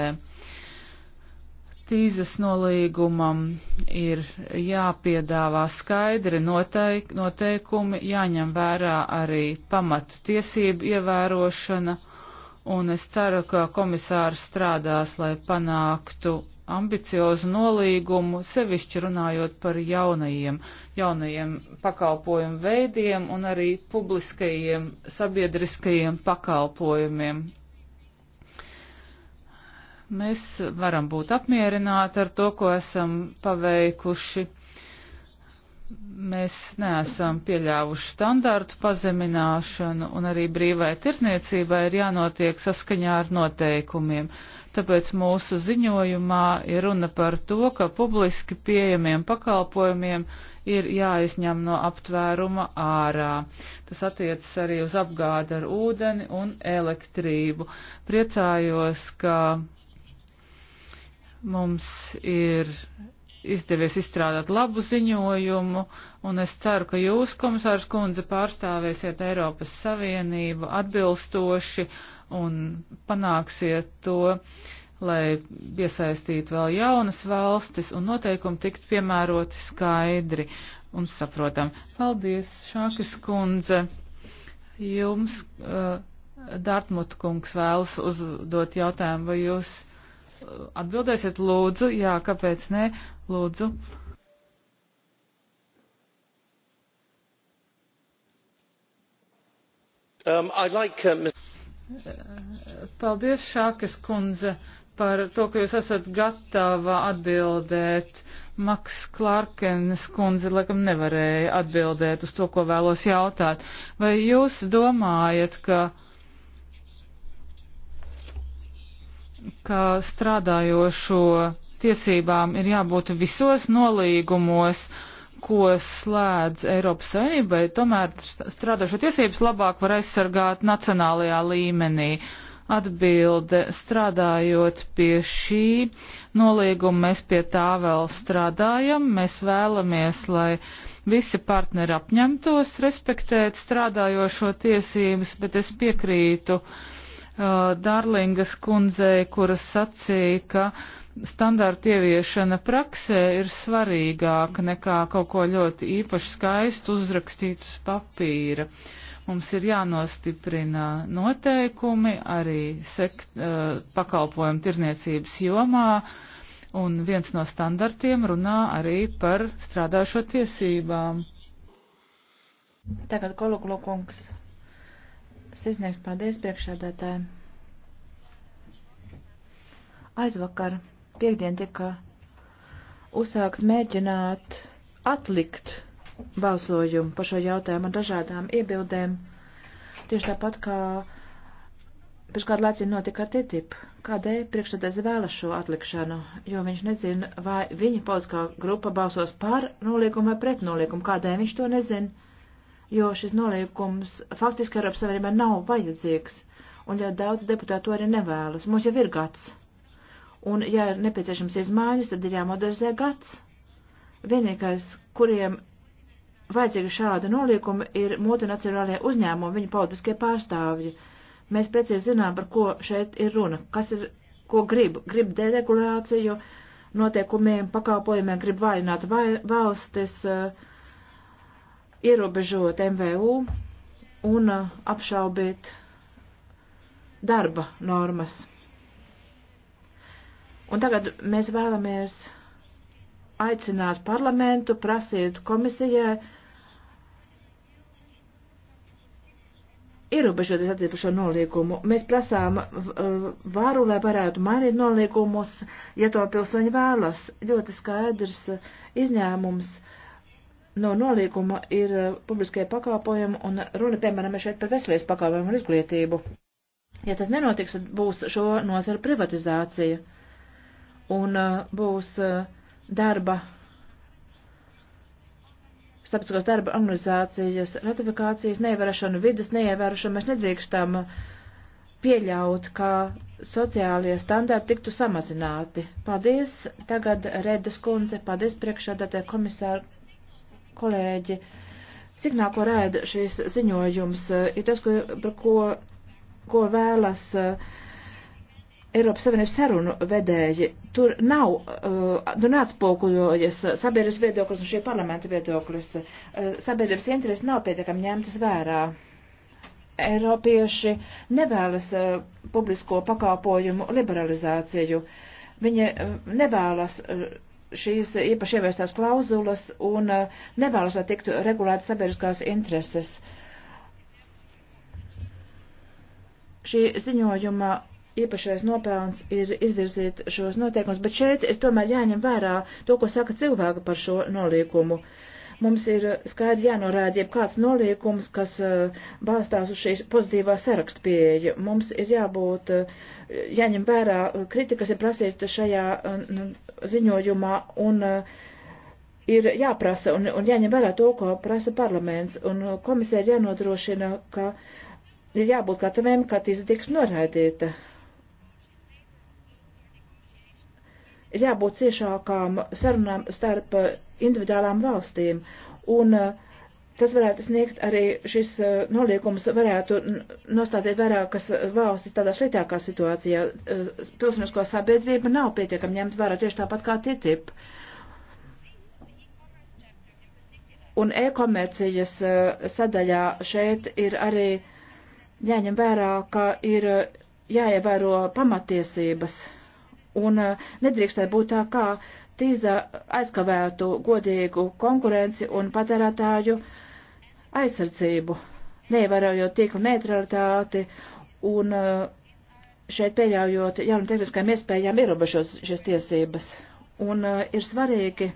Tīzas nolīgumam ir jāpiedāvā skaidri noteik, noteikumi, jāņem vērā arī pamata tiesību ievērošana un es ceru, ka komisārs strādās, lai panāktu ambiciozu nolīgumu, sevišķi runājot par jaunajiem, jaunajiem pakalpojumu veidiem un arī publiskajiem sabiedriskajiem pakalpojumiem. Mēs varam būt apmierināti ar to, ko esam paveikuši. Mēs neesam pieļāvuši standārtu pazemināšanu, un arī brīvai tirzniecībai ir jānotiek saskaņā ar noteikumiem. Tāpēc mūsu ziņojumā ir runa par to, ka publiski pieejamiem pakalpojumiem ir jāizņem no aptvēruma ārā. Tas attiecas arī uz apgādu ar ūdeni un elektrību. Priecājos, ka mums ir izdevies izstrādāt labu ziņojumu, un es ceru, ka jūs, komisārs kundze, pārstāvēsiet Eiropas Savienību atbilstoši un panāksiet to, lai piesaistītu vēl jaunas valstis un noteikumi tikt piemēroti skaidri un saprotam. Paldies, Šākas kundze. Jums, uh, Dārtmut kungs, vēlas uzdot jautājumu, vai jūs atbildēsiet lūdzu, jā, kāpēc nē, lūdzu. Um, like, um... Paldies, Šākas kundze, par to, ka jūs esat gatava atbildēt. Maks Klārkenes kundze laikam nevarēja atbildēt uz to, ko vēlos jautāt. Vai jūs domājat, ka ka strādājošo tiesībām ir jābūt visos nolīgumos, ko slēdz Eiropas Savienībai, tomēr strādājošo tiesības labāk var aizsargāt nacionālajā līmenī. Atbilde strādājot pie šī nolīguma, mēs pie tā vēl strādājam, mēs vēlamies, lai visi partneri apņemtos respektēt strādājošo tiesības, bet es piekrītu uh, Uh, Dārlingas kundzei, kura sacīja, ka standārta ieviešana praksē ir svarīgāka nekā kaut ko ļoti īpaši skaistu uzrakstīt uz papīra. Mums ir jānostiprina noteikumi arī sekt, uh, pakalpojumu tirniecības jomā, un viens no standartiem runā arī par strādājošo tiesībām. Tagad koloklokungs. Tiks izniegts paldies priekšādātājiem. Aizvakar piekdien tika uzsākts mēģināt atlikt balsojumu par šo jautājumu ar dažādām iebildēm. Tieši tāpat kā pirms kādu laicinu notika ar TTIP, kādēļ priekšsēdētājs vēlas šo atlikšanu, jo viņš nezina, vai viņa politiskā grupa balsos par noliekumu vai pret noliekumu, kādēļ viņš to nezina jo šis nolīgums faktiski Eiropas Savienībā nav vajadzīgs, un ļoti daudz deputātu to arī nevēlas. Mums jau ir gads, un ja ir nepieciešams izmaiņas, tad ir jāmodernizē gads. Vienīgais, kuriem vajadzīgi šāda nolīguma, ir multinacionālie uzņēmumi, viņu politiskie pārstāvji. Mēs precīzi zinām, par ko šeit ir runa, kas ir, ko grib. Grib deregulāciju, noteikumiem, pakalpojumiem, grib vājināt vai, valstis. Uh, ierobežot MVU un uh, apšaubīt darba normas. Un tagad mēs vēlamies aicināt parlamentu, prasīt komisijai ierobežoties attiecībā šo nolīgumu. Mēs prasām varu, lai varētu mainīt nolīgumus, ja to pilsoņi vēlas. Ļoti skaidrs izņēmums no nolīguma ir eh, publiskie pakāpojumi un runa, piemēram, šeit par veselības pakāpojumu un izglītību. Ja tas nenotiks, tad būs šo nozaru privatizācija un eh, būs eh, darba, starptautiskās darba organizācijas ratifikācijas neievērošana, vidas neievērošana. Mēs nedrīkstam pieļaut, ka sociālie standarti tiktu samazināti. Paldies, tagad Redas kundze, paldies priekšādātē komisāru kolēģi, signāl, ko rēda šīs ziņojums, ir tas, ko, par ko, ko vēlas eh, Eiropas Savienības sarunu vedēji. Tur nav, eh, tur neatspoguļojas sabiedrības viedoklis un šie parlamenta viedoklis. Eh, sabiedrības interesi nav pietiekami ņemtas vērā. Eiropieši nevēlas publisko pakāpojumu liberalizāciju. Viņi nevēlas šīs īpaši ieviestās klauzulas un eh, nevēlas, lai tiktu regulētas sabiedriskās intereses. Šī ziņojuma īpašais nopelns ir izvirzīt šos noteikumus, bet šeit ir tomēr jāņem vērā to, ko saka cilvēki par šo nolīkumu. Uh, Mums ir eh, skaidri jānorāda, ja kāds nolīgums, kas eh, balstās uz šīs pozitīvā sarakstu pieeja. Mums ir jābūt, eh, jāņem vērā kritika, kas ir prasīta šajā nu, ziņojumā, un ir jāprasa un, un jāņem vērā to, ko prasa parlaments, un komisija ir jānodrošina, ka ir jābūt gataviem, ka tīza tiks noraidīta. ir jābūt ciešākām sarunām starp eh, individuālām valstīm. Un eh, tas varētu sniegt arī šis eh, noliekums, varētu nostādīt vairākas valstis tādā sliktākā situācijā. Pilsoniskā sabiedrība nav pietiekami ņemt vērā tieši tāpat kā TTIP. Un e-komercijas sadaļā šeit ir arī jāņem vērā, ka ir jāievēro pamatiesības Un eh, nedrīkstē būt tā, kā tīza aizkavētu godīgu konkurenci un patērētāju aizsardzību, neievērojot tīklu neutralitāti un eh, šeit pieļaujot jaunu tehniskajām iespējām ierobežot šīs tiesības. Un eh, ir svarīgi,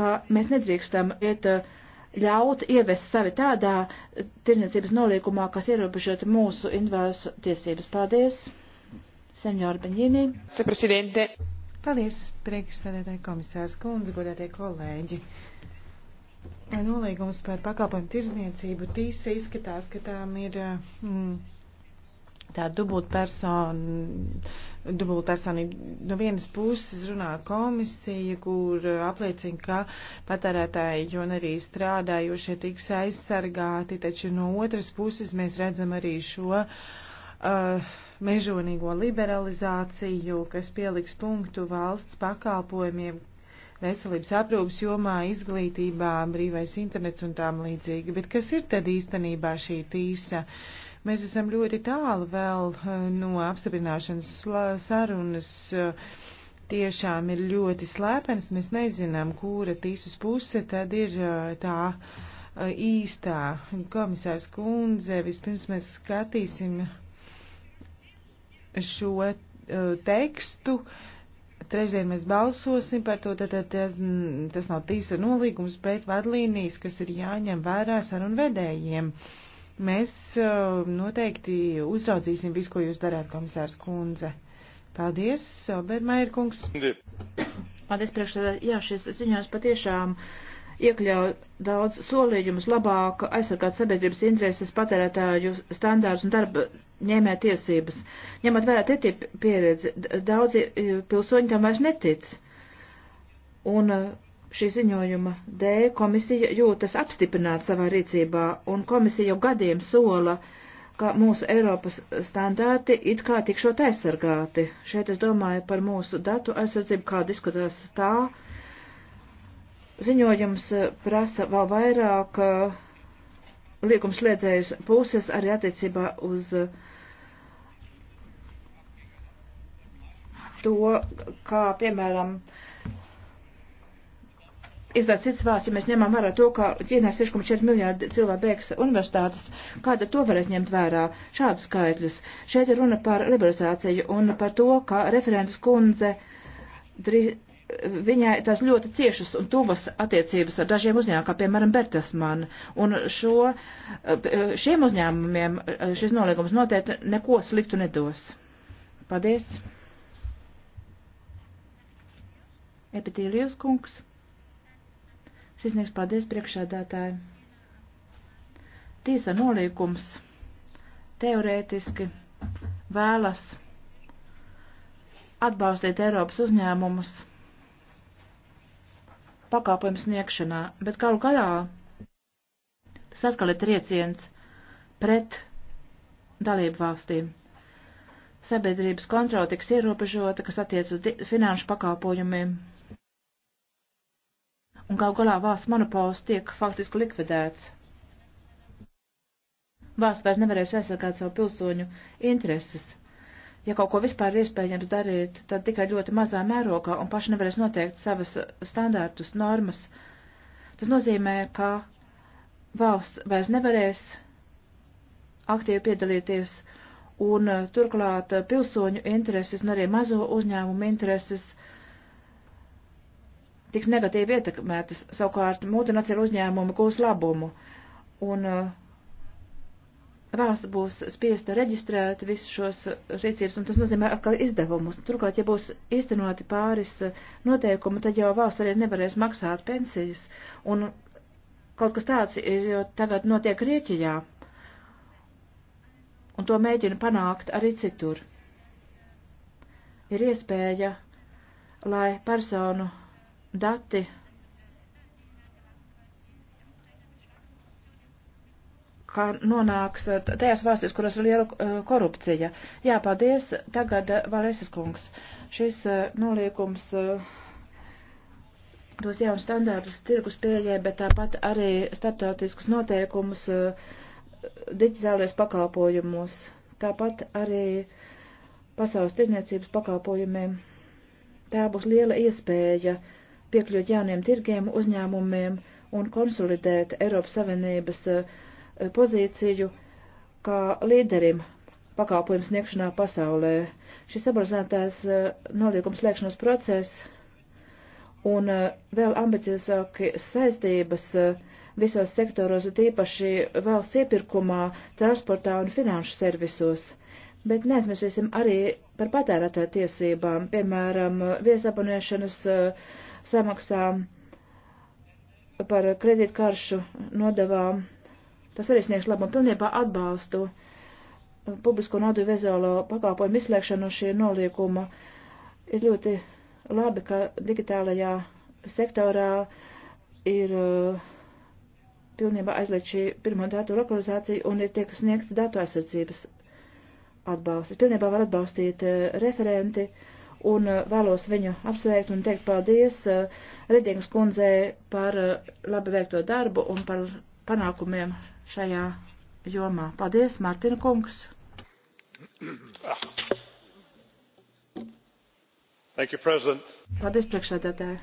ka mēs nedrīkstam iet ļaut ievest sevi tādā tirniecības nolīkumā, kas ierobežot mūsu invāzu tiesības. Paldies! Senjor Beņģīnī. Cepresidente. Paldies, priekšsēdētāji komisārs kundze, godētie kolēģi. Nolīgums par pakalpojumu tirzniecību tīsi izskatās, ka tām ir mm, tā dubultpersonu, dubultpersonība. No vienas puses runā komisija, kur apliecina, ka patērētāji un arī strādājošie tiks aizsargāti, taču no otras puses mēs redzam arī šo. Uh, uh, mežonīgo liberalizāciju, kas pieliks punktu valsts pakalpojumiem veselības aprūpas jomā, izglītībā, brīvais internets un tām līdzīgi. Bet kas ir tad īstenībā šī tīsa? Mēs esam ļoti tālu vēl uh, no apstiprināšanas sarunas. Uh, tiešām ir ļoti slēpens, mēs nezinām, kura tīsas puse tad ir uh, tā uh, īstā komisārs kundze. Vispirms mēs skatīsim šo eh, tekstu. Trešdien mēs balsosim par to, tad tas, mm, tas nav tīsa nolīgums, bet vadlīnijas, kas ir jāņem vērā sarunvedējiem. Mēs eh, noteikti uzraudzīsim visu, ko jūs darāt, komisārs Kunze. Paldies, Obermaier kungs. Paldies, priekšsēdētāj. Jā, šis ziņojums patiešām iekļauj daudz solījumus labāk aizsargāt sabiedrības intereses, patērētāju standārts un darba ņēmē tiesības. Ņemot vērā TTIP pieredzi, daudzi e, pilsoņi tam vairs netic. Un e, šī ziņojuma dēļ komisija jūtas apstiprināta savā rīcībā, un komisija jau gadiem sola, ka mūsu Eiropas standārti it kā tikšot aizsargāti. Šeit es domāju par mūsu datu aizsardzību, kā diskutēs tā. Ziņojums e, prasa vēl vairāk uh, liekums liedzējas puses arī attiecībā uz uh, to, kā, piemēram, izlaiž cits vārds, ja mēs ņemam vērā to, ka ķīnās 6,4 miljārdi cilvēku beigs universitātes, kā tad to varēs ņemt vērā šādus skaitļus? Šeit ir runa par liberalizāciju un par to, ka referents kundze drīz. Viņai tās ļoti ciešas un tuvas attiecības ar dažiem uzņēmumiem, kā piemēram Bertelsmann. Un šo, šiem uzņēmumiem šis noliegums noteikti neko sliktu nedos. Paldies! Epitīlijas kungs. Sisnieks paldies priekšādātāji. Tīsa nolīkums teorētiski vēlas atbalstīt Eiropas uzņēmumus pakāpojumu sniegšanā, bet kaut galā tas atkal ir trieciens pret dalību valstīm. Sabiedrības kontrola tiks ierobežota, kas attiec uz finanšu pakāpojumiem un gal galā vārds monopols tiek faktiski likvidēts. Vārds vairs nevarēs aizsargāt savu pilsoņu intereses. Ja kaut ko vispār ir iespējams darīt, tad tikai ļoti mazā mērogā un paši nevarēs noteikt savas standārtus, normas. Tas nozīmē, ka valsts vairs nevarēs aktīvi piedalīties un turklāt pilsoņu intereses un arī mazo uzņēmumu intereses uh, tiks negatīvi ietekmētas, savukārt multinacionāli uzņēmumi gūs labumu. Un uh, valsts būs spiesta reģistrēt visus šos rīcības, un tas nozīmē atkal izdevumus. Turklāt, ja būs īstenoti pāris uh, noteikumi, tad jau valsts arī nevarēs maksāt pensijas. Un kaut kas tāds ir jau tagad notiek Grieķijā, un to mēģina panākt arī citur. Ir iespēja, lai personu dati kā nonāks eh, tajās valstīs, kuras ir liela eh, korupcija. Jā, paldies. Tagad eh, Valēsis kungs. Šis nolīkums dos jaunu standārtus tirgus pieejai, bet tāpat arī starptautiskus noteikumus digitālajos pakalpojumos. Tāpat arī pasaules tirniecības pakalpojumiem. Tā būs liela iespēja uh, piekļūt jauniem tirgiem, uzņēmumiem un konsolidēt Eiropas Savienības eh, pozīciju kā līderim pakāpojumu sniegšanā pasaulē. Šis aprazinātais eh, nolīgums slēgšanas process un eh, vēl ambiciozāki saistības visos sektoros, tīpaši valsts iepirkumā, transportā un finanšu servisos. Bet neaizmirsīsim arī par patērētāju tiesībām, piemēram, viesabonēšanas uh, samaksām, par kredītkaršu nodavām. Tas arī sniegs labumu pilnībā atbalstu publisko naudu vizuālo pakāpojumu izslēgšanu šī noliekuma. Ir ļoti labi, ka digitālajā sektorā ir uh, pilnībā aizliegt šī pirmo datu lokalizācija un ir tiek sniegts datu aizsardzības atbalsts. Pilnībā var atbalstīt uh, referenti. Uh, un eh, vēlos viņu apsveikt un teikt paldies eh, Redingas kundzei par eh, labi veikto darbu un par panākumiem šajā jomā. Paldies, Mārtiņa kungs! Thank you, President. Paldies, priekšsēdētāji!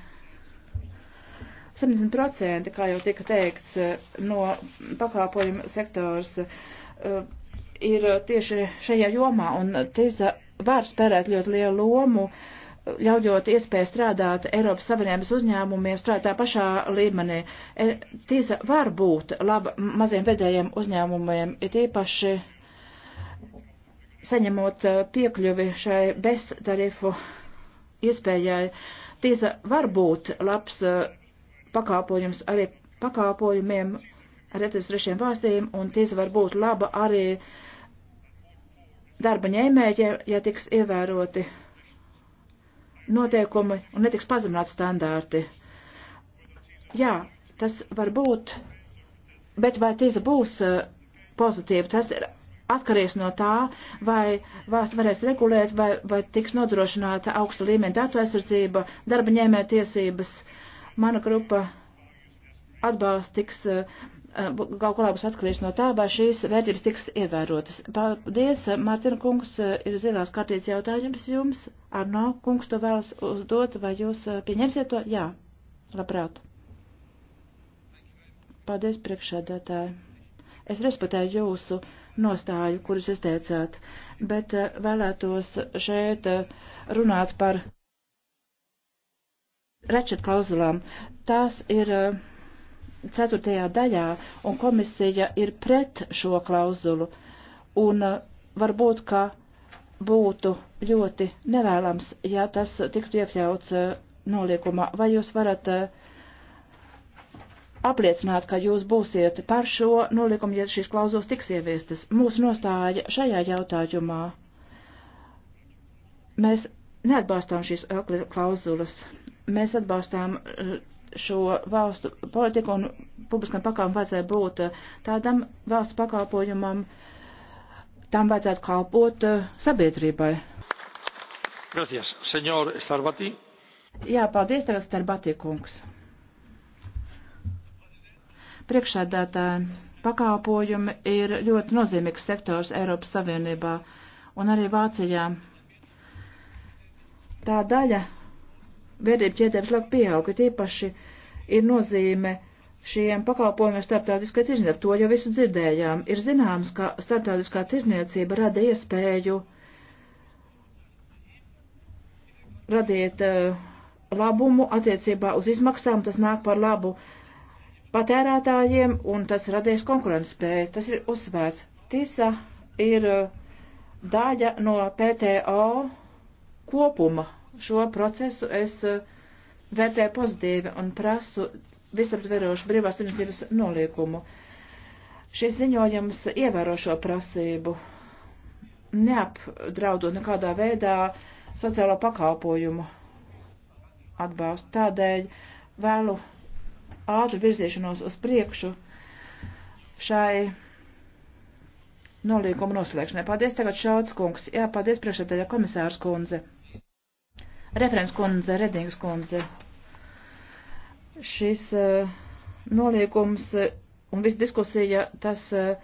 70%, kā jau tika teikts, no pakāpojuma sektors ir tieši šajā jomā, un Tiza var spēlēt ļoti lielu lomu, ļaujot iespēju strādāt Eiropas Savienības uzņēmumiem, strādāt tā pašā līmenī. E, tīsa var būt laba maziem vedējiem uzņēmumiem, ir īpaši saņemot e, piekļuvi šai beztarifu iespējai. Tīsa var būt labs e, pakāpojums arī pakāpojumiem, arī trešiem valstīm, un tīsa var būt laba arī uh, darba ņēmējiem, ja tiks ievēroti noteikumi un netiks pazemināti standārti. Jā, tas var būt, bet vai tīza būs eh, pozitīva, tas ir atkarīgs no tā, vai valsts varēs regulēt, vai, vai tiks nodrošināta augsta līmeņa datu aizsardzība, darba ņēmē tiesības. Mana grupa atbalsts tiks uh, Eh, kaut kā būs atkarīgs no tā, vai šīs vērtības tiks ievērotas. Paldies, Mārtiņa kungs, eh, ir zilās kartītes jautājums jums. Arno kungs to vēlas uzdot, vai jūs eh, pieņemsiet to? Jā, labprāt. Paldies, priekšsēdētāji. Es respektēju jūsu nostāju, kurus izteicāt, bet vēlētos šeit runāt par rečet klauzulām. Tās ir uh, ceturtajā daļā, un komisija ir pret šo klauzulu, un uh, varbūt, ka būtu ļoti nevēlams, ja tas tiktu iekļauts uh, noliekumā. Vai jūs varat uh, apliecināt, ka jūs būsiet par šo noliekumu, ja šīs klauzulas tiks ieviestas? Mūsu nostāja šajā jautājumā. Mēs neatbalstām šīs klauzulas. Mēs atbalstām šo valstu politiku un publiskam pakalpojumam vajadzēja būt eh, tādam valsts pakalpojumam, tam vajadzētu kalpot eh, sabiedrībai. Gracias, senor Starbati. Jā, paldies, tagad Starbati kungs. Priekšsēdētāji, pakalpojumi ir ļoti nozīmīgs sektors Eiropas Savienībā un arī Vācijā. Tā daļa vērtību ķēdēm slēgt pieauga, tīpaši ir nozīme šiem pakalpojumiem starptautiskā tirzniecība. To jau visu dzirdējām. Ir zināms, ka starptautiskā tirzniecība rada iespēju radīt uh, labumu attiecībā uz izmaksām, tas nāk par labu patērētājiem un tas radīs konkurences spēju. Tas ir uzsvērts. TISA ir eh, daļa no PTO kopuma šo procesu es eh, vērtēju pozitīvi un prasu visaptverošu brīvās tirdzniecības noliekumu. Šis ziņojums ievēro šo prasību, neapdraudot nekādā veidā sociālo pakalpojumu atbalstu. Tādēļ vēlu ātru virzīšanos uz priekšu šai nolīguma noslēgšanai. Paldies tagad Šauds kungs. Jā, paldies priekšētājā komisārs kundze. Referents kundze, Redings kundze, šis uh, noliekums uh, un viss diskusija, tas uh,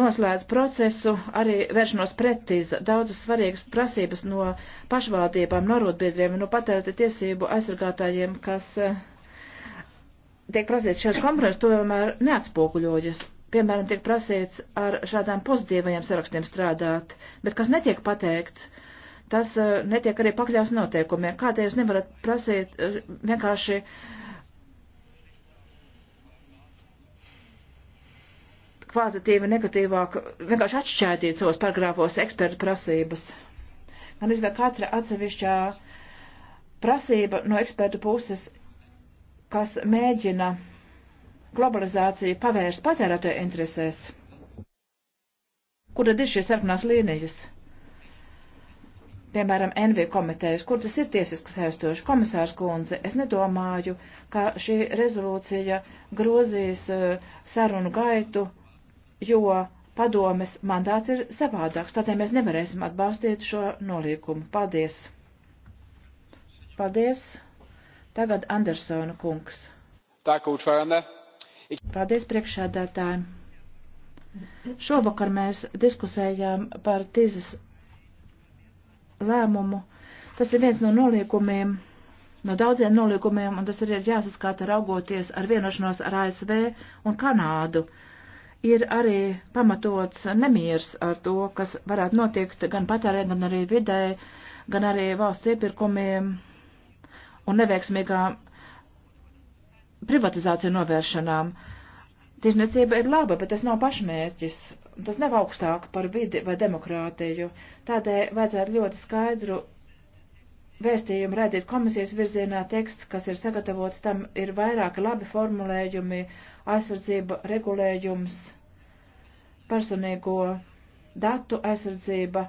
noslēdz procesu, arī vēršanos pretīs daudzas svarīgas prasības no pašvaldībām, no rotbiedriem, no patērta tiesību aizsargātājiem, kas tiek prasīts šajās kompromisos, to vienmēr neatspoguļojas. Piemēram, tiek prasīts ar šādām pozitīvajām sarakstiem strādāt, bet kas netiek pateikts, uh, tas eh, netiek arī pakļauts noteikumiem. Kādēļ jūs nevarat prasīt eh, vienkārši kvalitatīvi negatīvāk, vienkārši atšķēdīt savos paragrāfos ekspertu prasības? Man izvēl katra atsevišķā prasība no ekspertu puses, kas mēģina globalizāciju pavērst patērētāju interesēs. Kur tad ir šīs sarkanās līnijas? piemēram, NV komitejas, kur tas ir tiesiski saistoši. Komisārs Kunze, es nedomāju, ka šī rezolūcija grozīs eh, sarunu gaitu, jo padomes mandāts ir savādāks, tādēļ mēs nevarēsim atbalstīt šo nolīkumu. Paldies! Paldies! Tagad Andersona kungs. Tā, kūčvērne. Paldies priekšādātājiem! Šovakar mēs diskusējām par tīzes lēmumu. Tas ir viens no noliekumiem, no daudziem noliekumiem, un tas arī ir jāsaskata raugoties ar vienošanos ar ASV un Kanādu. Ir arī pamatots nemiers ar to, kas varētu notikt gan patērē, gan arī vidē, gan arī valsts iepirkumiem un neveiksmīgā privatizācija novēršanām. Tirzniecība ir laba, bet tas nav pašmērķis tas nav augstāk par vidi vai demokrātiju. Tādēļ vajadzētu ļoti skaidru vēstījumu redzēt komisijas virzienā teksts, kas ir sagatavots, tam ir vairāki labi formulējumi, aizsardzība, regulējums, personīgo datu aizsardzība,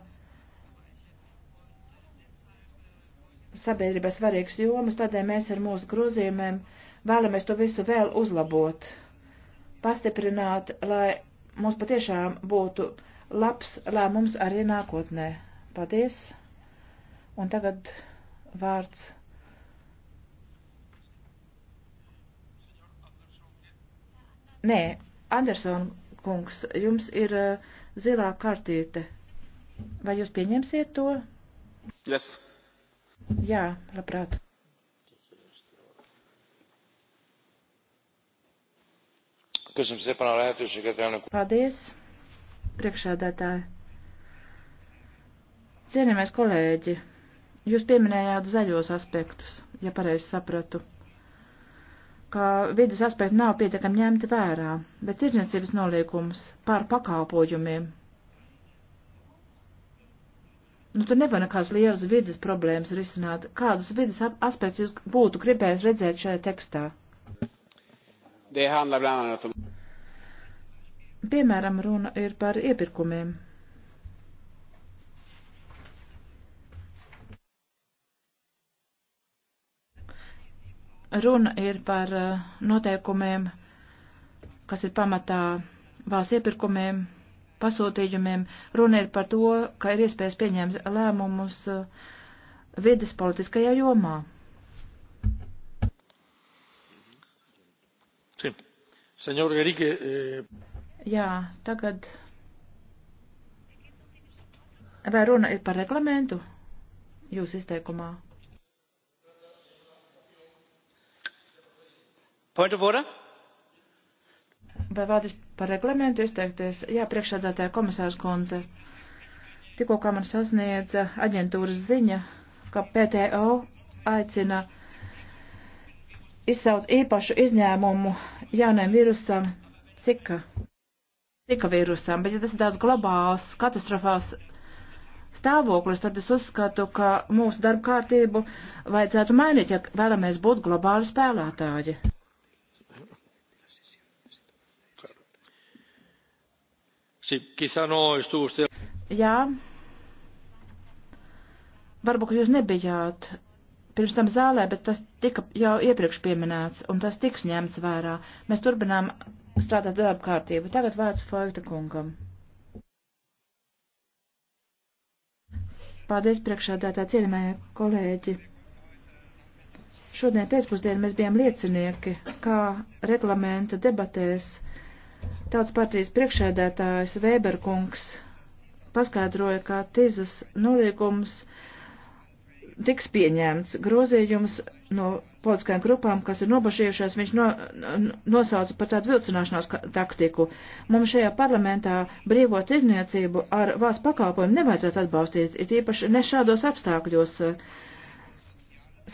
sabiedrībai svarīgs jomas, tādēļ mēs ar mūsu grozījumiem vēlamies to visu vēl uzlabot, pastiprināt, lai mums patiešām būtu labs lēmums arī nākotnē. Paldies! Un tagad vārds. Nē, Anderson kungs, jums ir eh, zilā kartīte. Vai jūs pieņemsiet to? Yes. Jā, labprāt. Köszönöm szépen a lehetőséget, elnök úr. Paldies, priekšādātāji. Cienījamies kolēģi, jūs pieminējāt zaļos aspektus, ja pareizi sapratu, ka vidas aspekti nav pietiekami ņemti vērā, bet tirdzniecības noliekums pār pakalpojumiem. Nu, tur nevar nekādas lielas vidas problēmas risināt. Kādus vidas aspektus jūs būtu gribējis redzēt šajā tekstā? Det handlar bland annat om... Piemēram, runa ir par iepirkumiem. Runa ir par eh, noteikumiem, kas ir pamatā valsts iepirkumiem, pasūtījumiem. Runa ir par to, ka ir iespējas pieņemt lēmumus eh, vides politiskajā jomā. Eh, Jā, tagad. Vai runa ir par reglamentu jūs izteikumā? Point of order? Vai vēlaties par reglamentu izteikties? Jā, priekšsēdētāja komisārs Konze. Tikko kā man sasniedza aģentūras ziņa, ka PTO aicina izsauc īpašu izņēmumu jauniem virusam cika, cika virusam, bet ja tas ir tāds globāls, katastrofāls stāvoklis, tad es uzskatu, ka mūsu darba kārtību vajadzētu mainīt, ja vēlamies būt globāli spēlētāji. Jā, varbūt jūs nebijāt pirms tam zālē, bet tas tika jau iepriekš pieminēts, un tas tiks ņemts vērā. Mēs turpinām strādāt darba kārtību. Tagad vārds Foikta kungam. Paldies priekšādātā cienījumie kolēģi. Šodien pēcpusdien mēs bijām liecinieki, kā reglamenta debatēs Tautas partijas priekšēdētājs Vēberkungs paskaidroja, ka tizas nolīgums tiks pieņemts grozījums no politiskajām grupām, kas ir nobažījušās, viņš no, nosauca par tādu vilcināšanās taktiku. Mums šajā parlamentā brīvo tirzniecību ar valsts pakalpojumu nevajadzētu atbalstīt, it īpaši ne šādos apstākļos.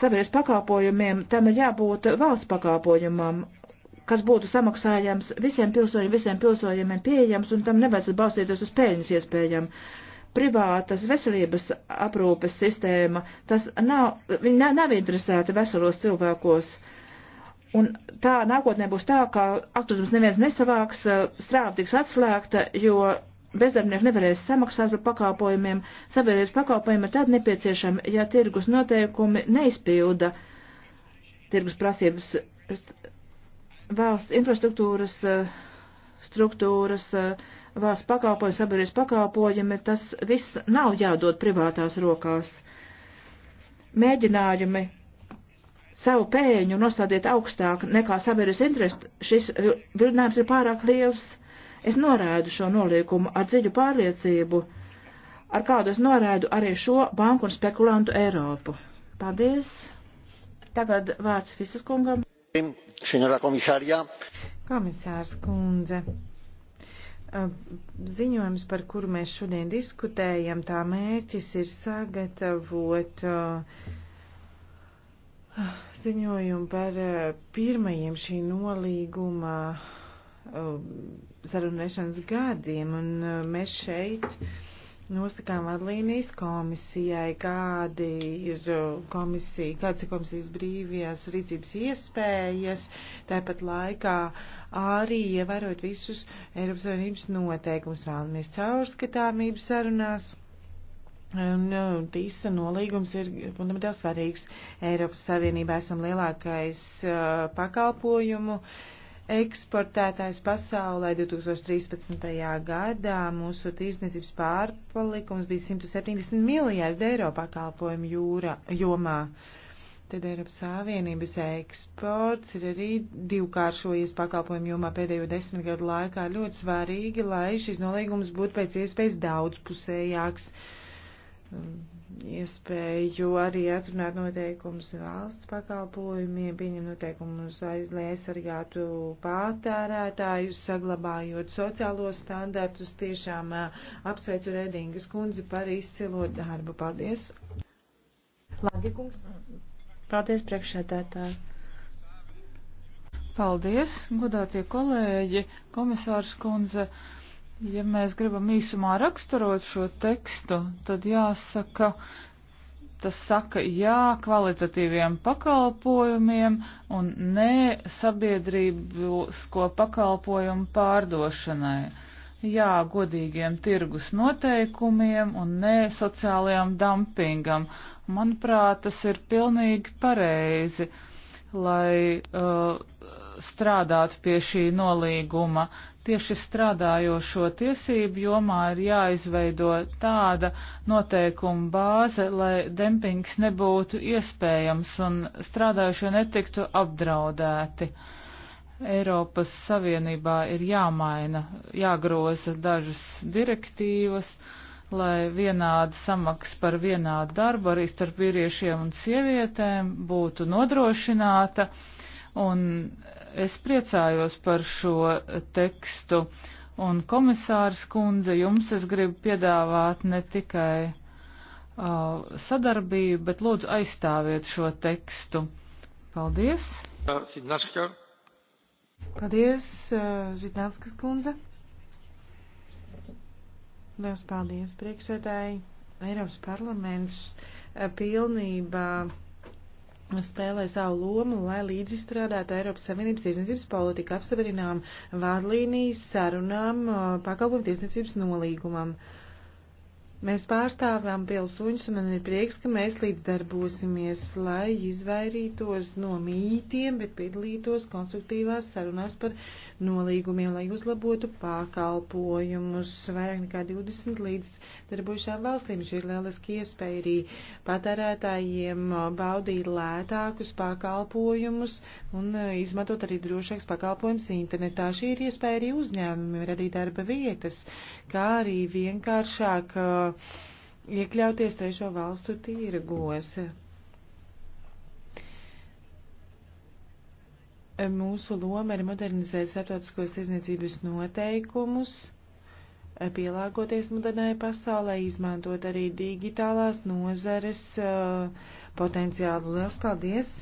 Sabiedrības pakalpojumiem tam ir jābūt valsts pakalpojumam, kas būtu samaksājams visiem pilsoņiem, visiem pilsoņiem pieejams, un tam nevajadzētu balstīties uz pēļņas iespējām. Uh, privātas veselības aprūpes sistēma, tas nav, viņi nav, nav interesēti veselos cilvēkos. Un tā nākotnē būs tā, ka atkritums neviens nesavāks, strāva tiks atslēgta, jo bezdarbnieki nevarēs samaksāt par pakalpojumiem, sabiedrības pakalpojumi ir tad nepieciešami, ja tirgus noteikumi neizpilda tirgus prasības valsts infrastruktūras struktūras valsts pakalpojumi, sabiedrības pakalpojumi, tas viss nav jādod privātās rokās. Mēģinājumi savu pēļņu nostādīt augstāk nekā sabiedrības interesi, šis vilinājums ir pārāk liels. Es norēdu šo nolīkumu ar dziļu pārliecību, ar kādu es norēdu arī šo banku un spekulantu Eiropu. Paldies! Tagad vārds Fisas kungam. Komisārs kundze, Ziņojums, par kuru mēs šodien diskutējam, tā mērķis ir sagatavot ziņojumu par pirmajiem šī nolīguma sarunvešanas gadiem, un mēs šeit nosakām vadlīnijas komisijai, kādi ir uh, komisija, kāds ir komisijas brīvajās rīcības iespējas, tāpat laikā arī ievērot visus Eiropas Savienības noteikumus vēlamies caurskatāmību sarunās. Un tīsa uh, nolīgums ir fundamentāli svarīgs. Eiropas Savienībā esam lielākais uh, pakalpojumu uh, eksportētājs pasaulē 2013. gadā mūsu tīrzniecības pārpalikums bija 170 miljārdi eiro pakalpojumu jūra, jomā. Tad Eiropas Savienības eksports ir arī divkāršojies pakalpojumu jomā pēdējo desmit gadu laikā. Ļoti svarīgi, lai šis nolīgums būtu pēc iespējas daudzpusējāks. Uh, iespēju arī atrunāt noteikumus valsts pakalpojumiem, pieņem noteikumus, lai aizsargātu pārtērētājus, saglabājot sociālos standartus. Tiešām apsveicu Redingas kundzi par izcilo darbu. Paldies! Lagi, kungs! Paldies, priekšsēdētāji! Paldies, godātie kolēģi, komisārs kundze! Ja mēs gribam īsumā raksturot šo tekstu, tad jāsaka, tas saka jā kvalitatīviem pakalpojumiem un nē sabiedrīsko pakalpojumu pārdošanai. Jā godīgiem tirgus noteikumiem un nē sociālajam dumpingam. Manuprāt, tas ir pilnīgi pareizi, lai uh, strādātu pie šī nolīguma. Tieši strādājošo tiesību jomā ir jāizveido tāda noteikuma bāze, lai dempings nebūtu iespējams un strādājošie netiktu apdraudēti. Eiropas Savienībā ir jāmaina, jāgroza dažas direktīvas, lai vienāda samaksa par vienādu darbu arī starp vīriešiem un sievietēm būtu nodrošināta Un es priecājos par šo tekstu. Un komisārs kundze, jums es gribu piedāvāt ne tikai uh, sadarbību, bet lūdzu aizstāviet šo tekstu. Paldies! Uh, Zidnaška. Paldies, uh, Zidnāskas kundze. Liels paldies, priekšsēdēji. Eiropas parlaments uh, pilnībā spēlē savu lomu, lai līdzstrādātu Eiropas Savienības tirsniecības politiku apsverinām vārdlīnijas sarunām uh, pakalpojumu tirsniecības nolīgumam. Uh, Mēs pārstāvām pilsoņus, un man ir prieks, ka mēs līdzdarbosimies, lai izvairītos no mītiem, bet piedalītos konstruktīvās sarunās par nolīgumiem, lai uzlabotu pakalpojumus. Vairāk nekā 20 līdzdarbojušām valstīm šī ir lieliski iespēja arī patērētājiem baudīt lētākus pakalpojumus un izmantot arī drošāks pakalpojums internetā. Šī ir iespēja arī uzņēmumiem radīt darba vietas, kā arī vienkāršāk iekļauties trešo valstu tirgos. Mūsu loma ir modernizēt starptautiskos tirzniecības noteikumus, pielāgoties modernai pasaulē, izmantot arī digitālās nozares uh, potenciālu. Liels paldies!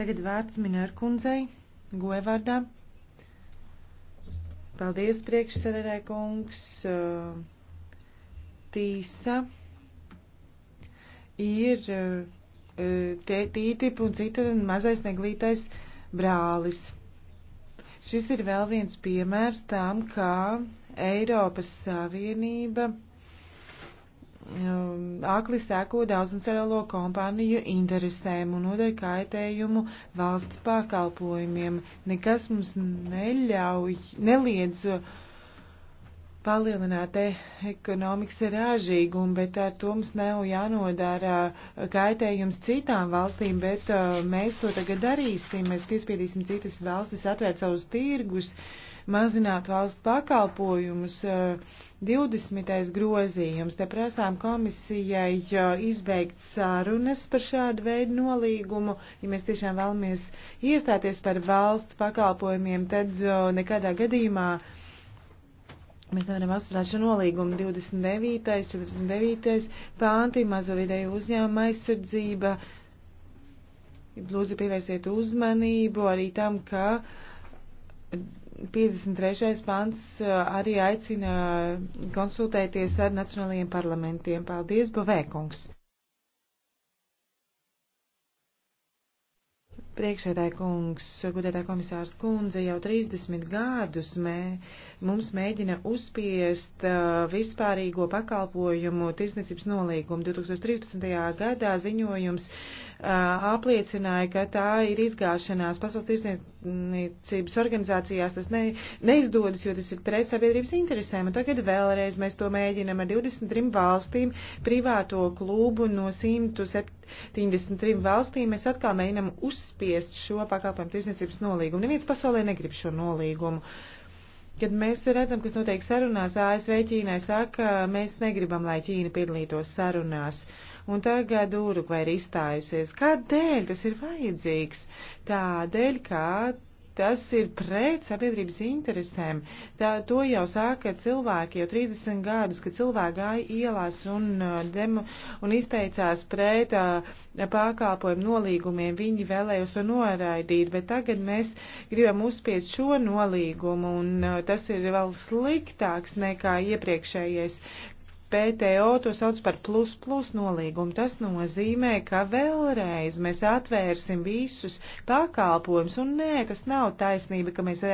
Tagad vārds Minerkundzei, Goevardā. Paldies, priekšsēdētāj kungs! Uh, tīsa ir eh, tītip un cita mazais neglītais brālis. Šis ir vēl viens piemērs tām, kā Eiropas Savienība um, akli sēko daudzuncēlo kompāniju interesēm un nodara kaitējumu valsts pakalpojumiem. Nekas mums neļauj, neliedz uh, palielināt e- ekonomikas rāžīgumu, bet ar to mums nav jānodara kaitējums citām valstīm, bet uh, mēs to tagad darīsim. Mēs piespiedīsim citas valstis atvērt savus tirgus, mazināt valstu pakalpojumus. 20. Uh, grozījums. Te prasām komisijai uh, izbeigt sarunas par šādu veidu nolīgumu. Ja mēs tiešām vēlamies iestāties par valsts pakalpojumiem, tad nekādā gadījumā Mēs nevaram apspriest šo nolīgumu 29., 49. pānti, mazo vidēju uzņēmumu aizsardzība. Lūdzu, pievērsiet uzmanību arī tam, ka 53. pāns uh, arī aicina konsultēties ar nacionālajiem parlamentiem. Paldies, Bovēkungs! Priekšsēdētāj kungs, gudētā komisārs kundze jau 30 gadus mē, mums mēģina uzspiest uh, vispārīgo pakalpojumu tirsniecības nolīgumu. 2013. gadā ziņojums uh, apliecināja, ka tā ir izgāšanās pasaules tirsniecības organizācijās. Tas ne, neizdodas, jo tas ir pret sabiedrības interesēm. Un tagad vēlreiz mēs to mēģinam ar 23 valstīm privāto klubu no 107. 73 valstīm mēs atkal mēģinam uzspiest šo pakalpojumu tirsniecības nolīgumu. Neviens pasaulē negrib šo nolīgumu. Kad mēs redzam, kas notiek sarunās, ASV Ķīnai saka, mēs negribam, lai Ķīna piedalītos sarunās. Un tagad Urugvai ir izstājusies. Kādēļ tas ir vajadzīgs? Tādēļ, kā Tas ir pret sabiedrības interesēm. Tā, to jau sāka cilvēki jau 30 gadus, kad cilvēki gāja ielās un, uh, dem, un izteicās pret uh, pārkāpojumu nolīgumiem. Viņi vēlējās to noraidīt, bet tagad mēs gribam uzspiest šo nolīgumu, un uh, tas ir vēl sliktāks nekā iepriekšējais, PTO to sauc par plus plus nolīgumu. Tas nozīmē, ka vēlreiz mēs atvērsim visus pakalpojumus, un nē, tas nav taisnība, ka mēs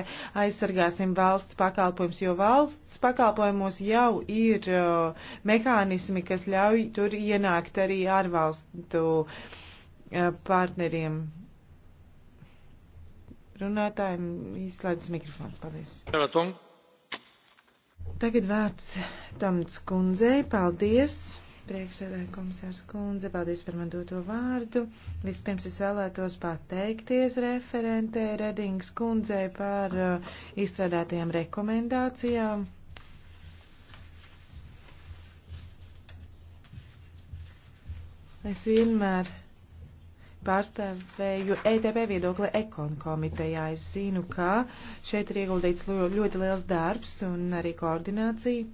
aizsargāsim valsts pakalpojumus, jo valsts pakalpojumos jau ir uh, mehānismi, kas ļauj tur ienākt arī ārvalstu uh, partneriem. Runātājiem izslēdzas mikrofons. Paldies. Teleton. Tagad vārds Tamts kundzei. Paldies! Priekšsēdē komisārs kundze, paldies par man doto vārdu. Vispirms es vēlētos pateikties referentē Redings kundzei par uh, izstrādātajām rekomendācijām. Es vienmēr pārstāvēju ETP viedokli ekonu komitejā. Es zinu, ka šeit ir ieguldīts ļoti liels darbs un arī koordinācija.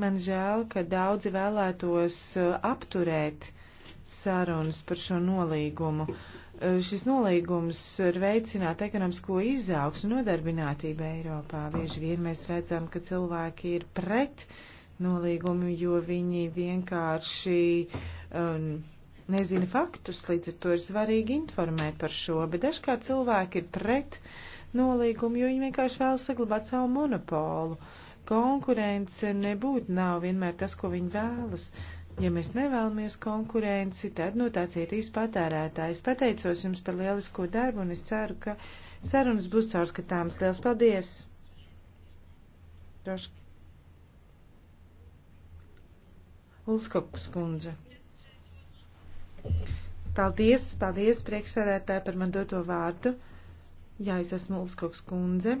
Man žēl, ka daudzi vēlētos uh, apturēt sarunas par šo nolīgumu. Uh, šis nolīgums ir veicināt ekonomisko izaugsmu nodarbinātību Eiropā. Bieži vien mēs redzam, ka cilvēki ir pret nolīgumu, jo viņi vienkārši um, nezina faktus, līdz ar to ir svarīgi informēt par šo, bet dažkārt cilvēki ir pret nolīgumu, jo viņi vienkārši vēl saglabāt savu monopolu. Konkurence nebūtu nav vienmēr tas, ko viņi vēlas. Ja mēs nevēlamies konkurenci, tad no nu, tā cietīs patērētājs. Pateicos jums par lielisko darbu un es ceru, ka sarunas būs caurskatāmas. Liels paldies! Droši. Ulskoks kundze. Paldies, paldies priekšsēdētāji par man doto vārdu. Jā, es esmu Ulskoks kundze.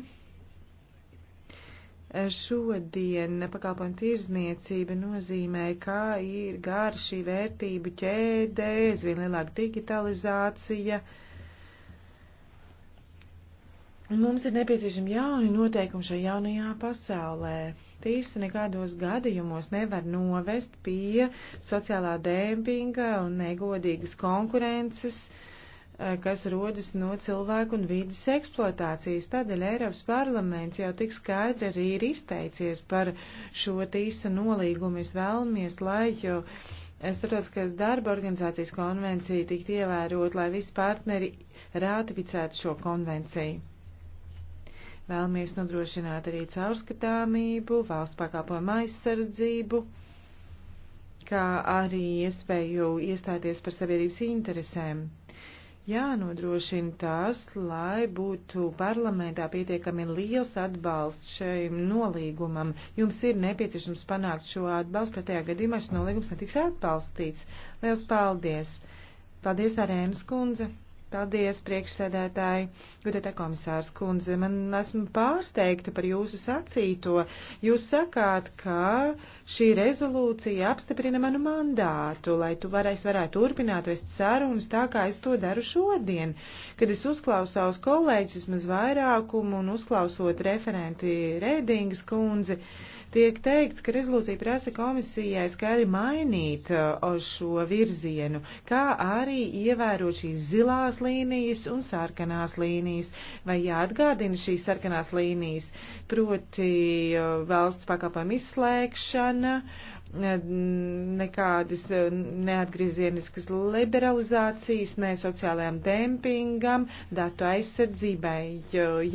Šodien pakalpojumu tirzniecība nozīmē, ka ir gara šī vērtību ķēde, aizvien lielāka digitalizācija. Mums ir nepieciešami jauni noteikumi šajā jaunajā pasaulē tīrs nekādos gadījumos nevar novest pie sociālā dēmpinga un negodīgas konkurences eh, kas rodas no cilvēku un vidas eksploatācijas. Tādēļ Eiropas parlaments jau tik skaidri arī ir izteicies par šo tīsa nolīgumu. Mēs vēlamies, lai jau starptautiskās darba organizācijas konvencija tiktu ievērot, lai visi partneri ratificētu šo konvenciju. Vēlamies nodrošināt arī caurskatāmību, valsts pakalpojumu aizsardzību, kā arī iespēju iestāties par sabiedrības interesēm. Jānodrošina tas, lai būtu parlamentā pietiekami liels atbalsts šajam nolīgumam. Jums ir nepieciešams panākt šo atbalstu, pretējā gadījumā šis nolīgums netiks atbalstīts. Liels paldies! Paldies, Arēnas kundze! Paldies, priekšsēdētāji, gudētā komisārs kundze. Man esmu pārsteigta par jūsu sacīto. Jūs sakāt, ka Šī rezolūcija apstiprina manu mandātu, lai tu varēs varētu turpināt vest sarunas tā, kā es to daru šodien, kad es uzklausās kolēģis vismaz vairākumu un uzklausot referenti Rēdingas kundzi. Tiek teikts, ka rezolūcija prasa komisijai skaļi mainīt uh, šo virzienu, kā arī ievērot šīs zilās līnijas un sarkanās līnijas, vai jāatgādina šīs sarkanās līnijas, proti uh, valsts pakalpojumu izslēgšana, atbrīvošana, eh, nekādas eh, neatgrizieniskas liberalizācijas, ne sociālajām dempingam, datu aizsardzībai.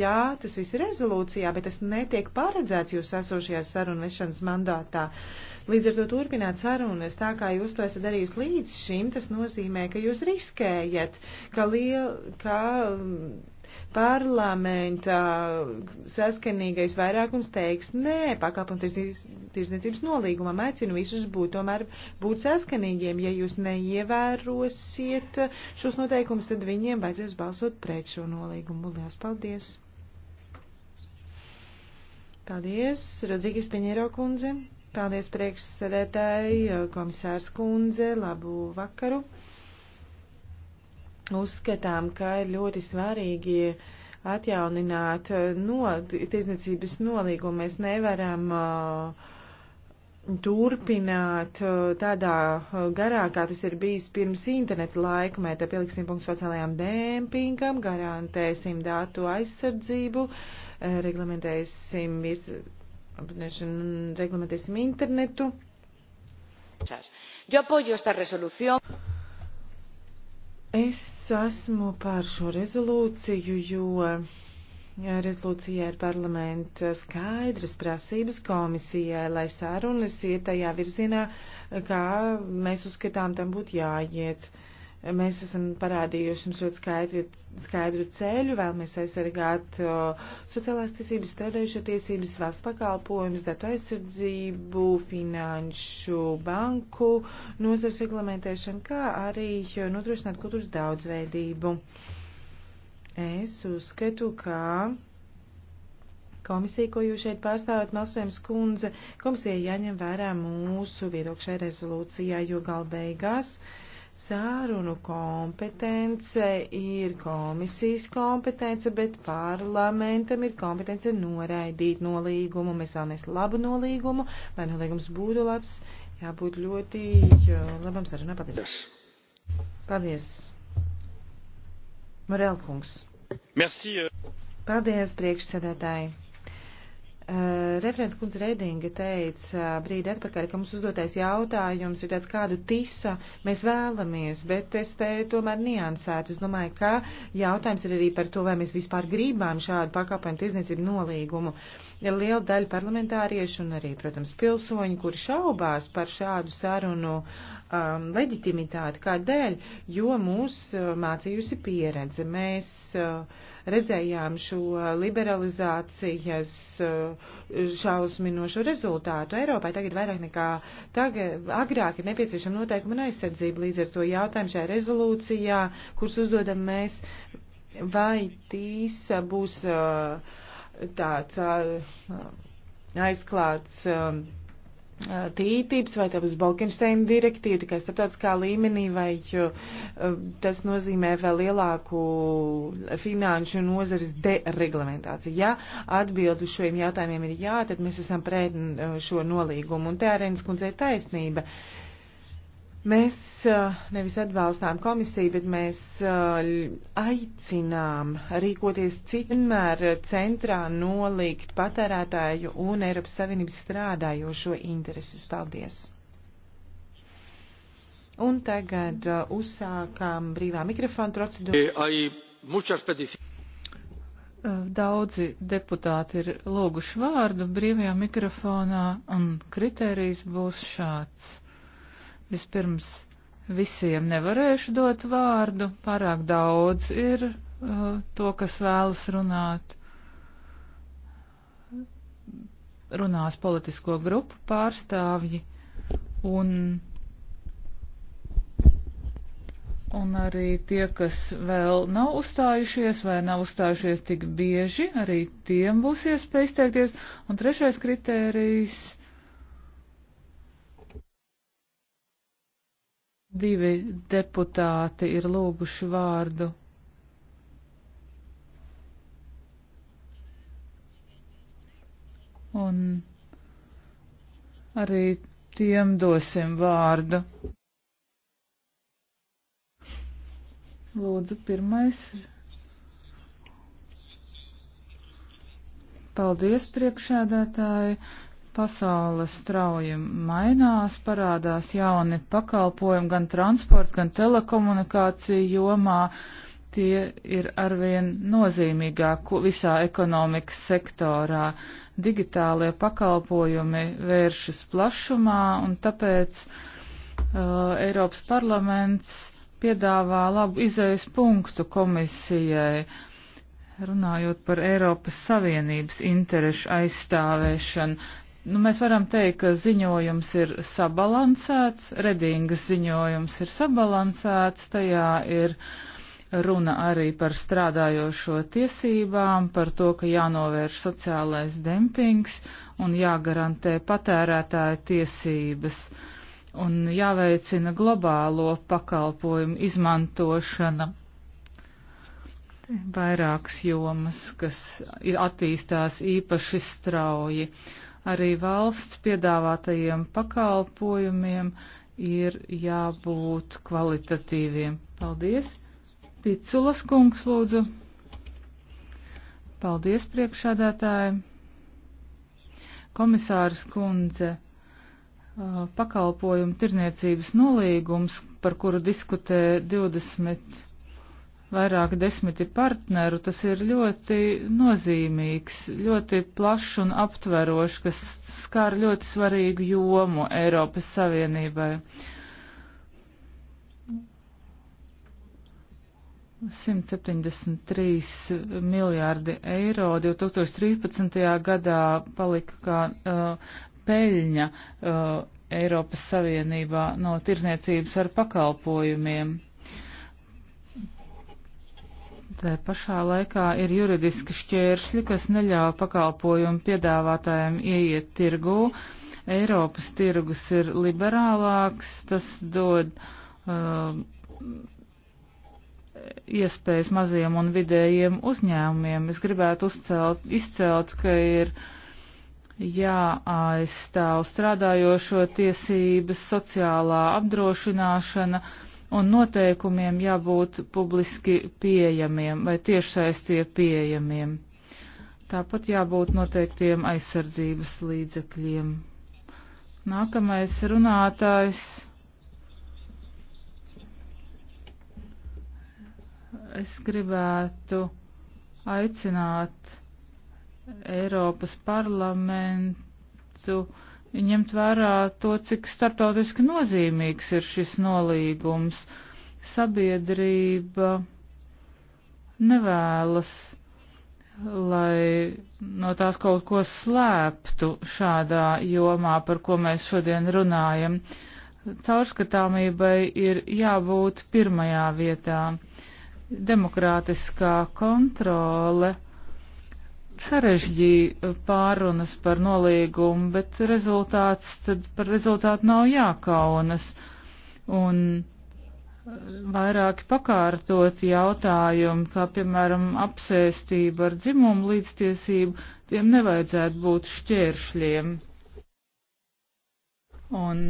Jā, tas viss ir rezolūcijā, bet tas netiek paredzēts jūs esošajā sarunu vešanas mandātā. Līdz ar to turpināt sarunas tā, kā jūs to esat darījis līdz šim, tas nozīmē, ka jūs riskējat, ka liela, ka Parlamenta saskanīgais vairākums teiks, nē, pakalpojumu tirsniecības nolīgumam aicinu visus būt tomēr būt saskanīgiem. Ja jūs neievērosiet šos noteikumus, tad viņiem vajadzēs balsot pret šo nolīgumu. Lielas paldies! Paldies, Rodrīgas Piņero kundze! Paldies priekšsēdētāji, komisārs kundze, labu vakaru! uzskatām, ka ir ļoti svarīgi atjaunināt eh, no, tirdzniecības nolīgumu. Mēs nevaram uh, turpināt eh, tādā garā, kā tas ir bijis pirms interneta laikmeta. Pieliksim punktu sociālajām dēmpingam, garantēsim dātu aizsardzību, reglamentēsim, reglamentēsim internetu. Yo apoyo esta resolución. Es esmu pār šo rezolūciju, jo rezolūcijā ir parlamenta skaidras prasības komisijai, lai sarunas iet tajā virzienā, kā mēs uzskatām tam būtu jāiet. Uh, Mēs esam parādījuši jums ļoti skaidru, skaidru ceļu, vēlamies aizsargāt sociālās tiesības, strādājušo tiesības, valsts pakalpojumus, datu aizsardzību, finanšu, banku, nozars reglamentēšanu, kā arī nodrošināt kultūras daudzveidību. Es uzskatu, ka komisija, ko jūs šeit pārstāvat, Malsvēms kundze, komisija jāņem vērā mūsu viedokšai rezolūcijā, jo galbeigās beigās Sārunu kompetence ir komisijas kompetence, bet parlamentam ir kompetence noraidīt nolīgumu. Mēs vēlamies labu nolīgumu, lai nolīgums būtu labs, jābūt ļoti labam sarunā. Paldies. Yes. Paldies. Morelkungs. Merci. Euh. Paldies, priekšsēdētāji. Eh, referents kundze Redinga teica brīdi atpakaļ, ka mums uzdotais jautājums ir tāds, kādu tisa mēs vēlamies, bet es te tomēr niansētu. Es domāju, ka jautājums ir arī par to, vai mēs vispār gribam šādu pakalpojumu tirzniecību nolīgumu. Ir liela daļa parlamentāriešu un arī, protams, pilsoņi, kuri šaubās par šādu sarunu um, leģitimitāti, kādēļ, jo mūs uh, mācījusi pieredze. Mēs, uh, redzējām šo liberalizācijas eh, šausminošu rezultātu. Eiropai tagad vairāk nekā tagad, agrāk ir nepieciešama noteikuma un aizsardzība. Līdz ar to jautājumu šajā rezolūcijā, kurus uzdodam mēs, vai tīsa būs eh, tāds eh, aizklāts. Um, tītības, vai tā būs Balkensteina direktīva tikai starptautiskā līmenī, vai tas nozīmē vēl lielāku finanšu nozares dereglamentāciju. Ja atbildu šiem jautājumiem ir jā, tad mēs esam pret šo nolīgumu. Un tērēns kundzei taisnība. Uh, Mēs eh, nevis atbalstām komisiju, bet mēs eh, aicinām rīkoties citmēr centrā nolikt patērētāju un Eiropas Savienības strādājošo intereses. Paldies! Un tagad eh, uzsākām brīvā mikrofona procedūru. Daudzi deputāti ir lūguši vārdu brīvajā mikrofonā, un kriterijs būs šāds Vispirms visiem nevarēšu dot vārdu, pārāk daudz ir uh, to, kas vēlas runāt. Runās politisko grupu pārstāvji un, un arī tie, kas vēl nav uzstājušies vai nav uzstājušies tik bieži, arī tiem būs iespēja izteikties. Un trešais kritērijs Divi deputāti ir lūguši vārdu. Un arī tiem dosim vārdu. Lūdzu, pirmais. Paldies, priekšēdētāji. Pasaule strauji mainās, parādās jauni pakalpojumi gan transports, gan telekomunikācija jomā. Tie ir arvien nozīmīgāk visā ekonomikas sektorā. Digitālie pakalpojumi vēršas plašumā, un tāpēc uh, Eiropas parlaments piedāvā labu izējas punktu komisijai. Uh, runājot par Eiropas Savienības interešu aizstāvēšanu, Nu, mēs varam teikt, ka ziņojums ir sabalansēts, redingas ziņojums ir sabalansēts, tajā ir runa arī par strādājošo tiesībām, par to, ka jānovērš sociālais dempings un jāgarantē patērētāju tiesības un jāveicina globālo pakalpojumu izmantošana vairākas jomas, kas ir attīstās īpaši strauji arī valsts piedāvātajiem pakalpojumiem ir jābūt kvalitatīviem. Paldies! Piculas kungs lūdzu. Paldies priekšādātāji. Komisārs kundze pakalpojumu tirniecības nolīgums, par kuru diskutē 20 vairāk desmiti partneru, tas ir ļoti nozīmīgs, ļoti plašs un aptverošs, kas skār ļoti svarīgu jomu Eiropas Savienībai. 173 miljārdi eiro 2013. gadā palika kā uh, peļņa uh, Eiropas Savienībā no tirzniecības ar pakalpojumiem. Tā pašā laikā ir juridiski šķēršļi, kas neļauj pakalpojumu piedāvātājiem ieiet tirgū. Eiropas tirgus ir liberālāks, tas dod uh, iespējas maziem un vidējiem uzņēmumiem. Es gribētu uzcelt, izcelt, ka ir jāaizstāv strādājošo tiesības, sociālā apdrošināšana, uh, un noteikumiem jābūt publiski pieejamiem vai tiešsaistie pieejamiem. Tāpat jābūt noteiktiem aizsardzības līdzekļiem. Nākamais runātājs. Es gribētu aicināt Eiropas parlamentu ņemt vērā to, cik starptautiski nozīmīgs ir šis nolīgums. Sabiedrība nevēlas, lai no tās kaut ko slēptu šādā jomā, par ko mēs šodien runājam. Caurskatāmībai ir jābūt pirmajā vietā. Demokrātiskā kontrole sarežģīja eh, pārunas par nolīgumu, bet rezultāts, tad par rezultātu nav jākaunas. Un eh, vairāki pakārtot jautājumi, kā piemēram apsēstība ar dzimumu līdztiesību, tiem nevajadzētu būt šķēršļiem. Un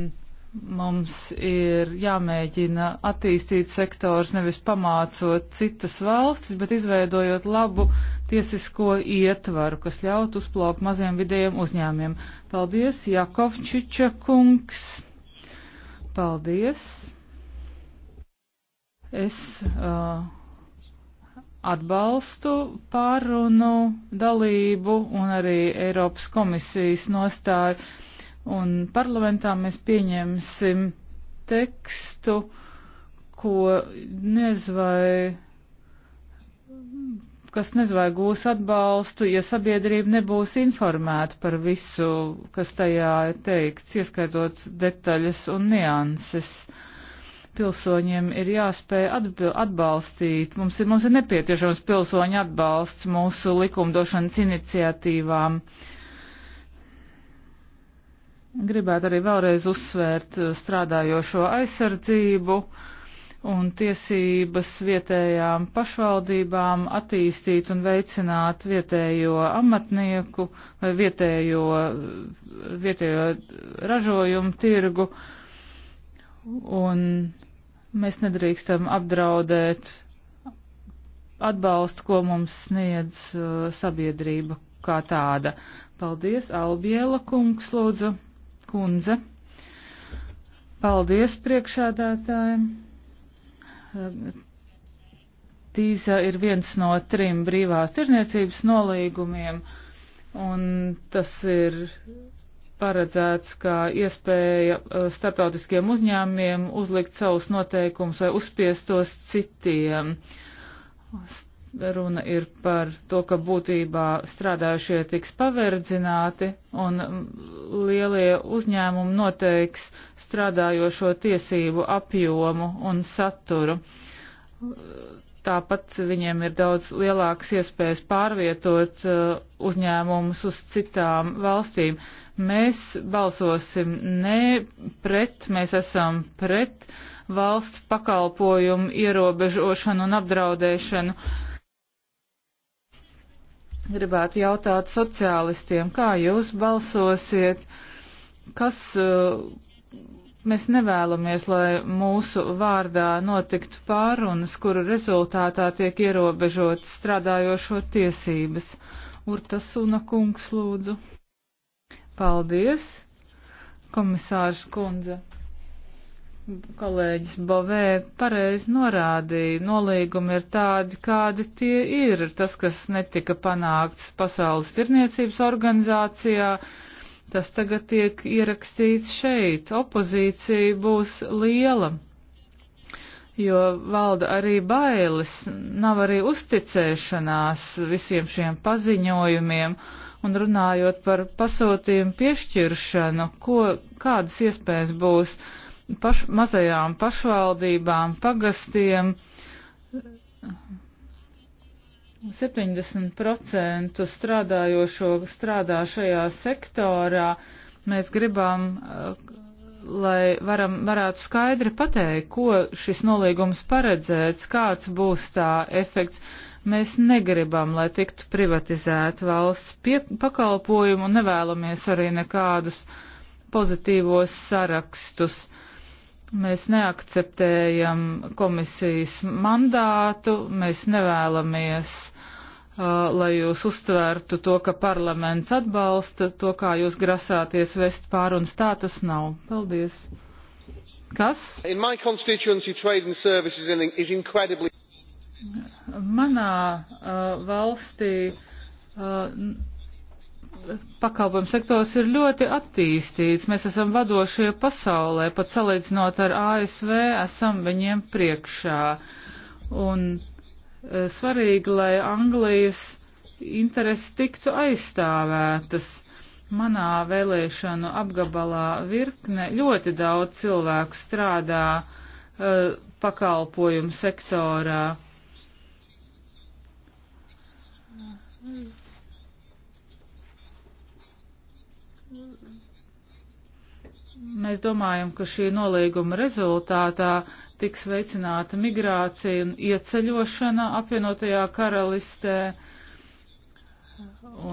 mums ir jāmēģina attīstīt sektors nevis pamācot citas valstis, bet izveidojot labu uh, tiesisko ietvaru, kas ļaut uzplaukt maziem vidējiem uzņēmiem. Paldies, Jakovčiča kungs. Paldies. Es uh, atbalstu pārunu dalību un arī Eiropas komisijas nostāju. Un parlamentā mēs pieņemsim tekstu, ko nezvai kas nezinu, vai gūs atbalstu, ja sabiedrība nebūs informēta par visu, kas tajā ir teikts, ieskaitot detaļas un nianses. Pilsoņiem ir jāspēj atbalstīt, mums ir, mums ir nepieciešams pilsoņu atbalsts mūsu likumdošanas iniciatīvām. Gribētu arī vēlreiz uzsvērt uh, strādājošo aizsardzību. Uh, un tiesības vietējām pašvaldībām attīstīt un veicināt vietējo amatnieku vai vietējo, vietējo ražojumu tirgu. Un mēs nedrīkstam apdraudēt atbalstu, ko mums sniedz uh, sabiedrība kā tāda. Paldies, Albiela kungs, lūdzu, kundze. Paldies priekšādātājiem. Tīza ir viens no trim brīvās tirzniecības nolīgumiem, un tas ir paredzēts kā iespēja uh, starptautiskiem uzņēmiem uzlikt savus noteikumus vai uzspiest tos citiem. Runa ir par to, ka būtībā strādājušie tiks paverdzināti un mm, lielie uzņēmumi noteiks strādājošo tiesību apjomu un saturu. Tāpat viņiem ir daudz lielākas iespējas pārvietot uh, uzņēmumus uz citām valstīm. Mēs balsosim ne pret, mēs esam pret valsts pakalpojumu ierobežošanu un apdraudēšanu. Gribētu jautāt sociālistiem, kā jūs balsosiet, kas, uh, Mēs nevēlamies, lai mūsu vārdā notiktu pārunas, kuru rezultātā tiek ierobežot strādājošo tiesības. Urtasuna kungs lūdzu. Paldies, komisārs kundze. Kolēģis Bovē pareizi norādīja, nolīgumi ir tādi, kādi tie ir. Tas, kas netika panākts Pasaules tirniecības organizācijā, uh, Tas tagad tiek ierakstīts šeit. Opozīcija būs liela, jo valda arī bailes, nav arī uzticēšanās visiem šiem paziņojumiem. Un runājot par pasūtījumu piešķiršanu, ko, kādas iespējas būs paš, mazajām pašvaldībām, pagastiem, 70% strādājošo strādā šajā sektorā. Mēs gribam, eh, lai varam, varētu skaidri pateikt, ko šis nolīgums paredzēts, kāds būs tā efekts. Mēs negribam, lai tiktu privatizēta valsts pie, pakalpojumu un nevēlamies arī nekādus pozitīvos sarakstus. Uh, Mēs neakceptējam komisijas mandātu, mēs nevēlamies, uh, lai jūs uztvērtu to, ka parlaments atbalsta to, kā jūs grasāties vest pārunas. Tā tas nav. Paldies. Kas? Incredibly... Manā uh, valstī uh, pakalpojumu sektors ir ļoti attīstīts. Mēs esam vadošie pasaulē, pat salīdzinot ar ASV, esam viņiem priekšā. Un e, svarīgi, lai Anglijas intereses tiktu aizstāvētas. Manā vēlēšanu apgabalā virkne ļoti daudz cilvēku strādā uh, pakalpojumu sektorā. Mm. Mēs domājam, ka šī nolīguma rezultātā tiks veicināta migrācija un ieceļošana apvienotajā karalistē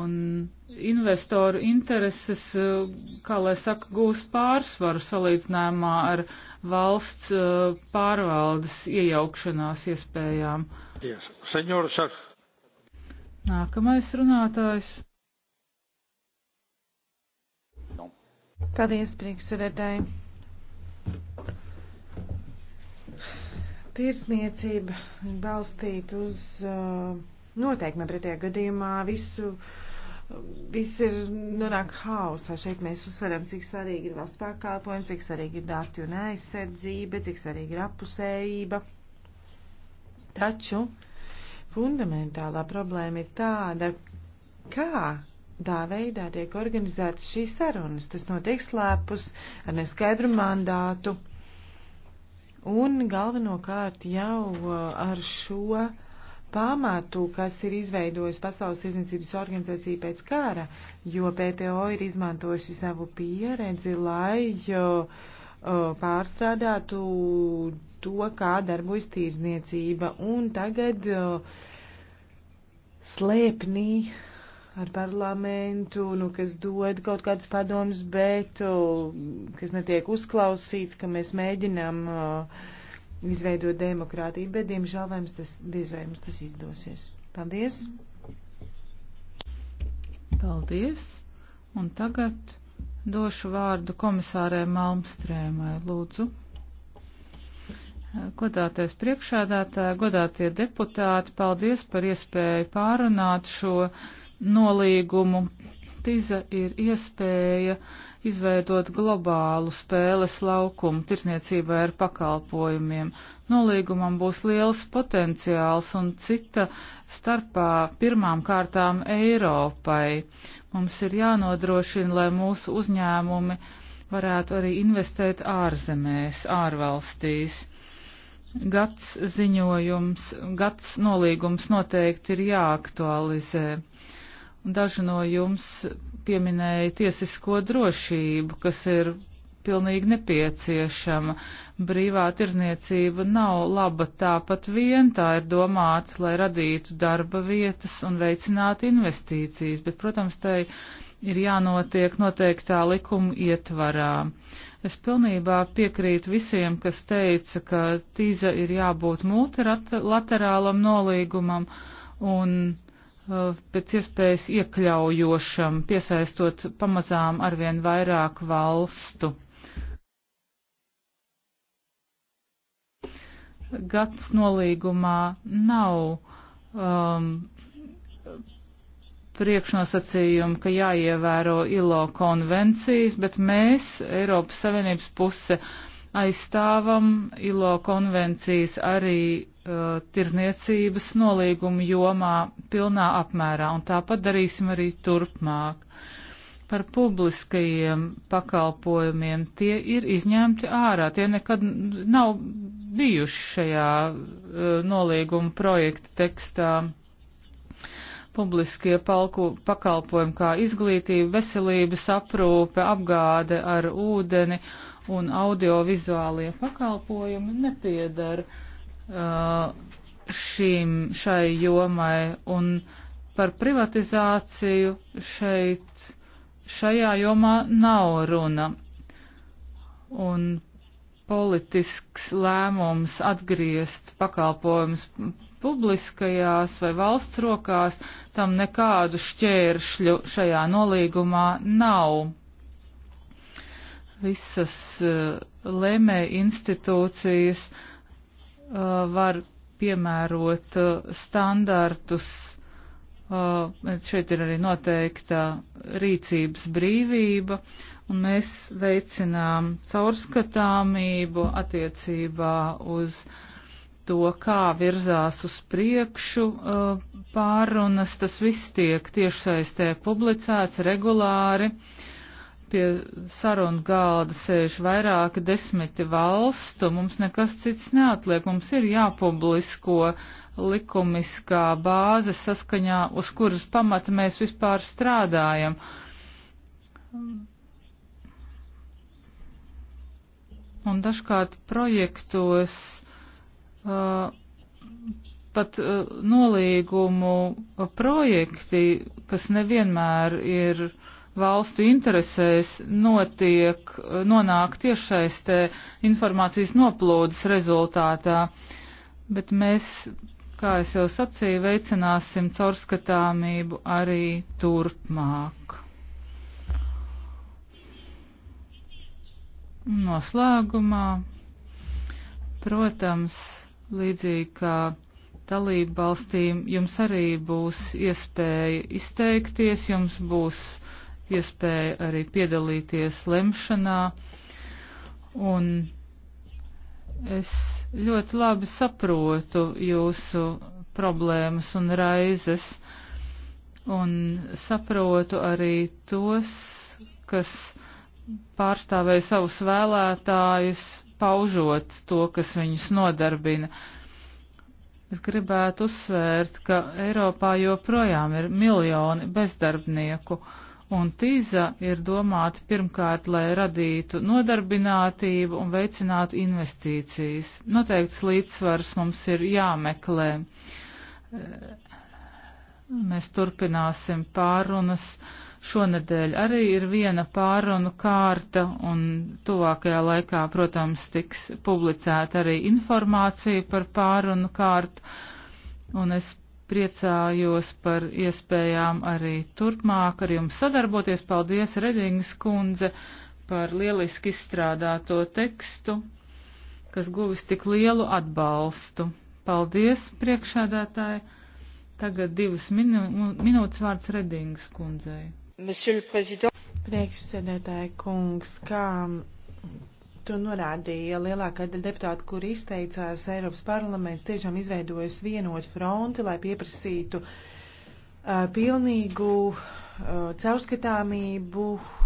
un investoru intereses, kā lai saka, gūs pārsvaru salīdzinājumā ar valsts eh, pārvaldes iejaukšanās iespējām. Yes. Senjor, Nākamais runātājs. Paldies, priekšsēdētāji. Tirsniecība balstīt uz uh, noteikumiem pretējā gadījumā visu. Viss ir nonāk hausā. Šeit mēs uzsveram, cik svarīgi ir valsts pakalpojumi, cik svarīgi ir dati un aizsardzība, cik svarīgi ir apusējība. Taču fundamentālā problēma ir tāda, kā Tā veidā tiek organizētas šīs sarunas. Tas notiek slēpus ar neskaidru mandātu. Un galvenokārt jau uh, ar šo pamatu, kas ir izveidojusi Pasaules tirzniecības organizācija pēc kara, jo PTO ir izmantojuši savu pieredzi, lai jo, uh, uh, pārstrādātu to, kā darbojas tirzniecība. Un tagad slēpnī ar parlamentu, nu, kas dod kaut kādus padomus, bet kas netiek uzklausīts, ka mēs mēģinām uh, izveidot demokrātiju, bet, diemžēl, vai mums tas, diez vai mums tas izdosies. Paldies! Paldies! Un tagad došu vārdu komisārē Malmstrēmai, lūdzu. Godātais priekšādātāji, godātie deputāti, paldies par iespēju pārunāt šo nolīgumu. Tiza ir iespēja izveidot globālu spēles laukumu tirsniecībai ar pakalpojumiem. Nolīgumam būs liels potenciāls un cita starpā pirmām kārtām Eiropai. Mums ir jānodrošina, lai mūsu uzņēmumi varētu arī investēt ārzemēs, ārvalstīs. Gads ziņojums, gads nolīgums noteikti ir jāaktualizē. Daži no jums pieminēja tiesisko drošību, kas ir pilnīgi nepieciešama. Brīvā tirzniecība nav laba tāpat vien, tā ir domāta, lai radītu darba vietas un veicinātu investīcijas, bet, protams, tai ir jānotiek noteiktā likuma ietvarā. Es pilnībā piekrītu visiem, kas teica, ka tīza ir jābūt multilaterālam nolīgumam un. Uh, Eh, pēc iespējas iekļaujošam, piesaistot pamazām arvien vairāk valstu. Gads nolīgumā nav um, priekšnosacījumi, ka jāievēro ILO konvencijas, bet mēs, Eiropas Savienības puse, uh, aizstāvam ILO konvencijas arī uh, tirzniecības nolīgumu jomā pilnā apmērā, un tāpat darīsim arī turpmāk. Par publiskajiem pakalpojumiem tie ir izņemti ārā, tie nekad nav bijuši šajā uh, nolīguma projekta tekstā publiskie palku, pakalpojumi kā izglītība, veselības aprūpe, apgāde ar ūdeni un audiovizuālie pakalpojumi nepiedara uh, šīm, šai jomai. Un par privatizāciju šeit, šajā jomā nav runa. Un politisks lēmums atgriezt pakalpojumus publiskajās vai valsts rokās, tam nekādu šķēršļu šajā nolīgumā nav. Visas uh, lēmē institūcijas uh, var piemērot uh, standartus. Šeit ir arī noteikta rīcības brīvība, un mēs veicinām caurskatāmību attiecībā uz uh, to, kā virzās uz priekšu uh, pārunas, tas viss tiek tiešsaistē publicēts regulāri. Pie sarunu galda sēž vairāki desmiti valstu, mums nekas cits neatliek, mums ir jāpublisko likumiskā bāze saskaņā, uz kuras pamata mēs vispār strādājam. Un dažkārt projektos uh, Uh, pat uh, nolīgumu projekti, kas nevienmēr ir valstu interesēs, notiek, uh, nonāk tiešais te informācijas noplūdes rezultātā. Bet mēs, kā es jau sacīju, veicināsim caurskatāmību arī turpmāk. Noslēgumā, protams, līdzīgi kā dalību valstīm, jums arī būs iespēja izteikties, jums būs iespēja arī piedalīties lemšanā. Un es ļoti labi saprotu jūsu problēmas un raizes, un saprotu arī tos, kas pārstāvēja savus vēlētājus paužot to, kas viņus nodarbina. Es gribētu uzsvērt, ka Eiropā joprojām ir miljoni bezdarbnieku, un tīza ir domāta pirmkārt, lai radītu nodarbinātību un veicinātu investīcijas. Noteikts līdzsvars mums ir jāmeklē. Mēs turpināsim pārunas. Uh, Šonadēļ arī ir viena pārunu kārta, un tuvākajā laikā, protams, tiks publicēta arī informācija par pārunu kārtu, un es priecājos par iespējām arī turpmāk ar jums sadarboties. Paldies, Redingas kundze, par lieliski izstrādāto tekstu, kas guvis tik lielu atbalstu. Paldies, priekšādātāji! Tagad divas minū minūtes vārds Redingas kundzei. Priekšsēdētāji kungs, kā to norādīja lielākā daļa deputāta, kur izteicās Eiropas parlaments, tiešām izveidojas vienot fronti, lai pieprasītu uh, pilnīgu uh, caurskatāmību, uh,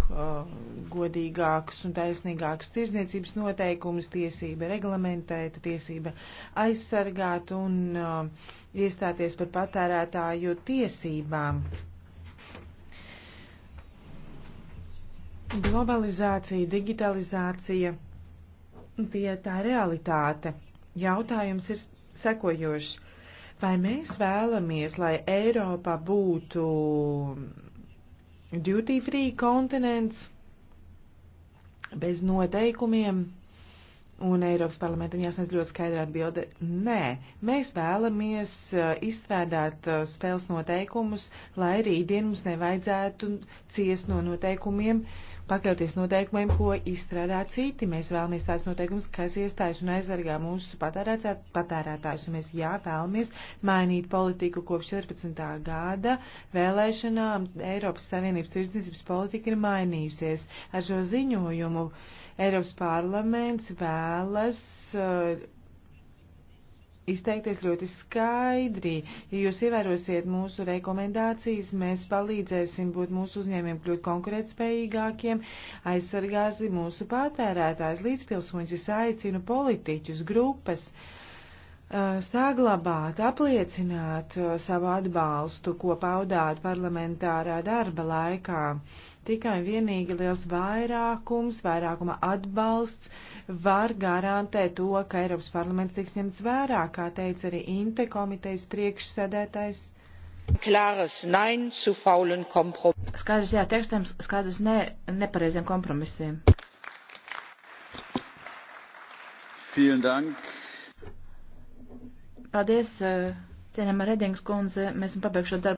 godīgākus un taisnīgākus tirzniecības noteikumus, tiesība reglamentēt, tiesība aizsargāt un uh, iestāties par patērētāju tiesībām. Uh, Globalizācija, digitalizācija, tie tā realitāte. Jautājums ir sekojošs. Vai mēs vēlamies, lai Eiropa būtu duty free kontinents bez noteikumiem? Un Eiropas parlamentam jāsniedz ļoti skaidra atbilde - nē, mēs vēlamies eh, izstrādāt eh, spēles noteikumus, lai rītdien mums nevajadzētu ciest no noteikumiem, uh, pakļauties noteikumiem, ko izstrādā citi. Mēs vēlamies tādus noteikumus, kas iestājas un aizvargā mūsu patērētājus, un mēs jā, vēlamies mainīt politiku kopš 14. gada vēlēšanām. Eiropas Savienības tirdzniecības politika ir mainījusies. Ar šo ziņojumu Eiropas parlaments vēlas. Uh, izteikties ļoti skaidri. Ja jūs ievērosiet mūsu rekomendācijas, mēs palīdzēsim būt mūsu uzņēmiem kļūt konkurētspējīgākiem, aizsargāsim mūsu patērētājs līdzpilsoņus, es aicinu politiķus, grupas uh, saglabāt, apliecināt uh, savu atbalstu, ko paudāt parlamentārā darba laikā. Tikai vienīgi liels vairākums, vairākuma atbalsts var garantēt to, ka Eiropas parlaments tiks ņemts vērā, kā teica arī Inte komitejas priekšsēdētājs. Skaidrs jā, tekstam skaidrs ne, nepareiziem kompromisiem. Paldies, eh, cienījama Redings kundze, mēs esam pabeigšu darbu.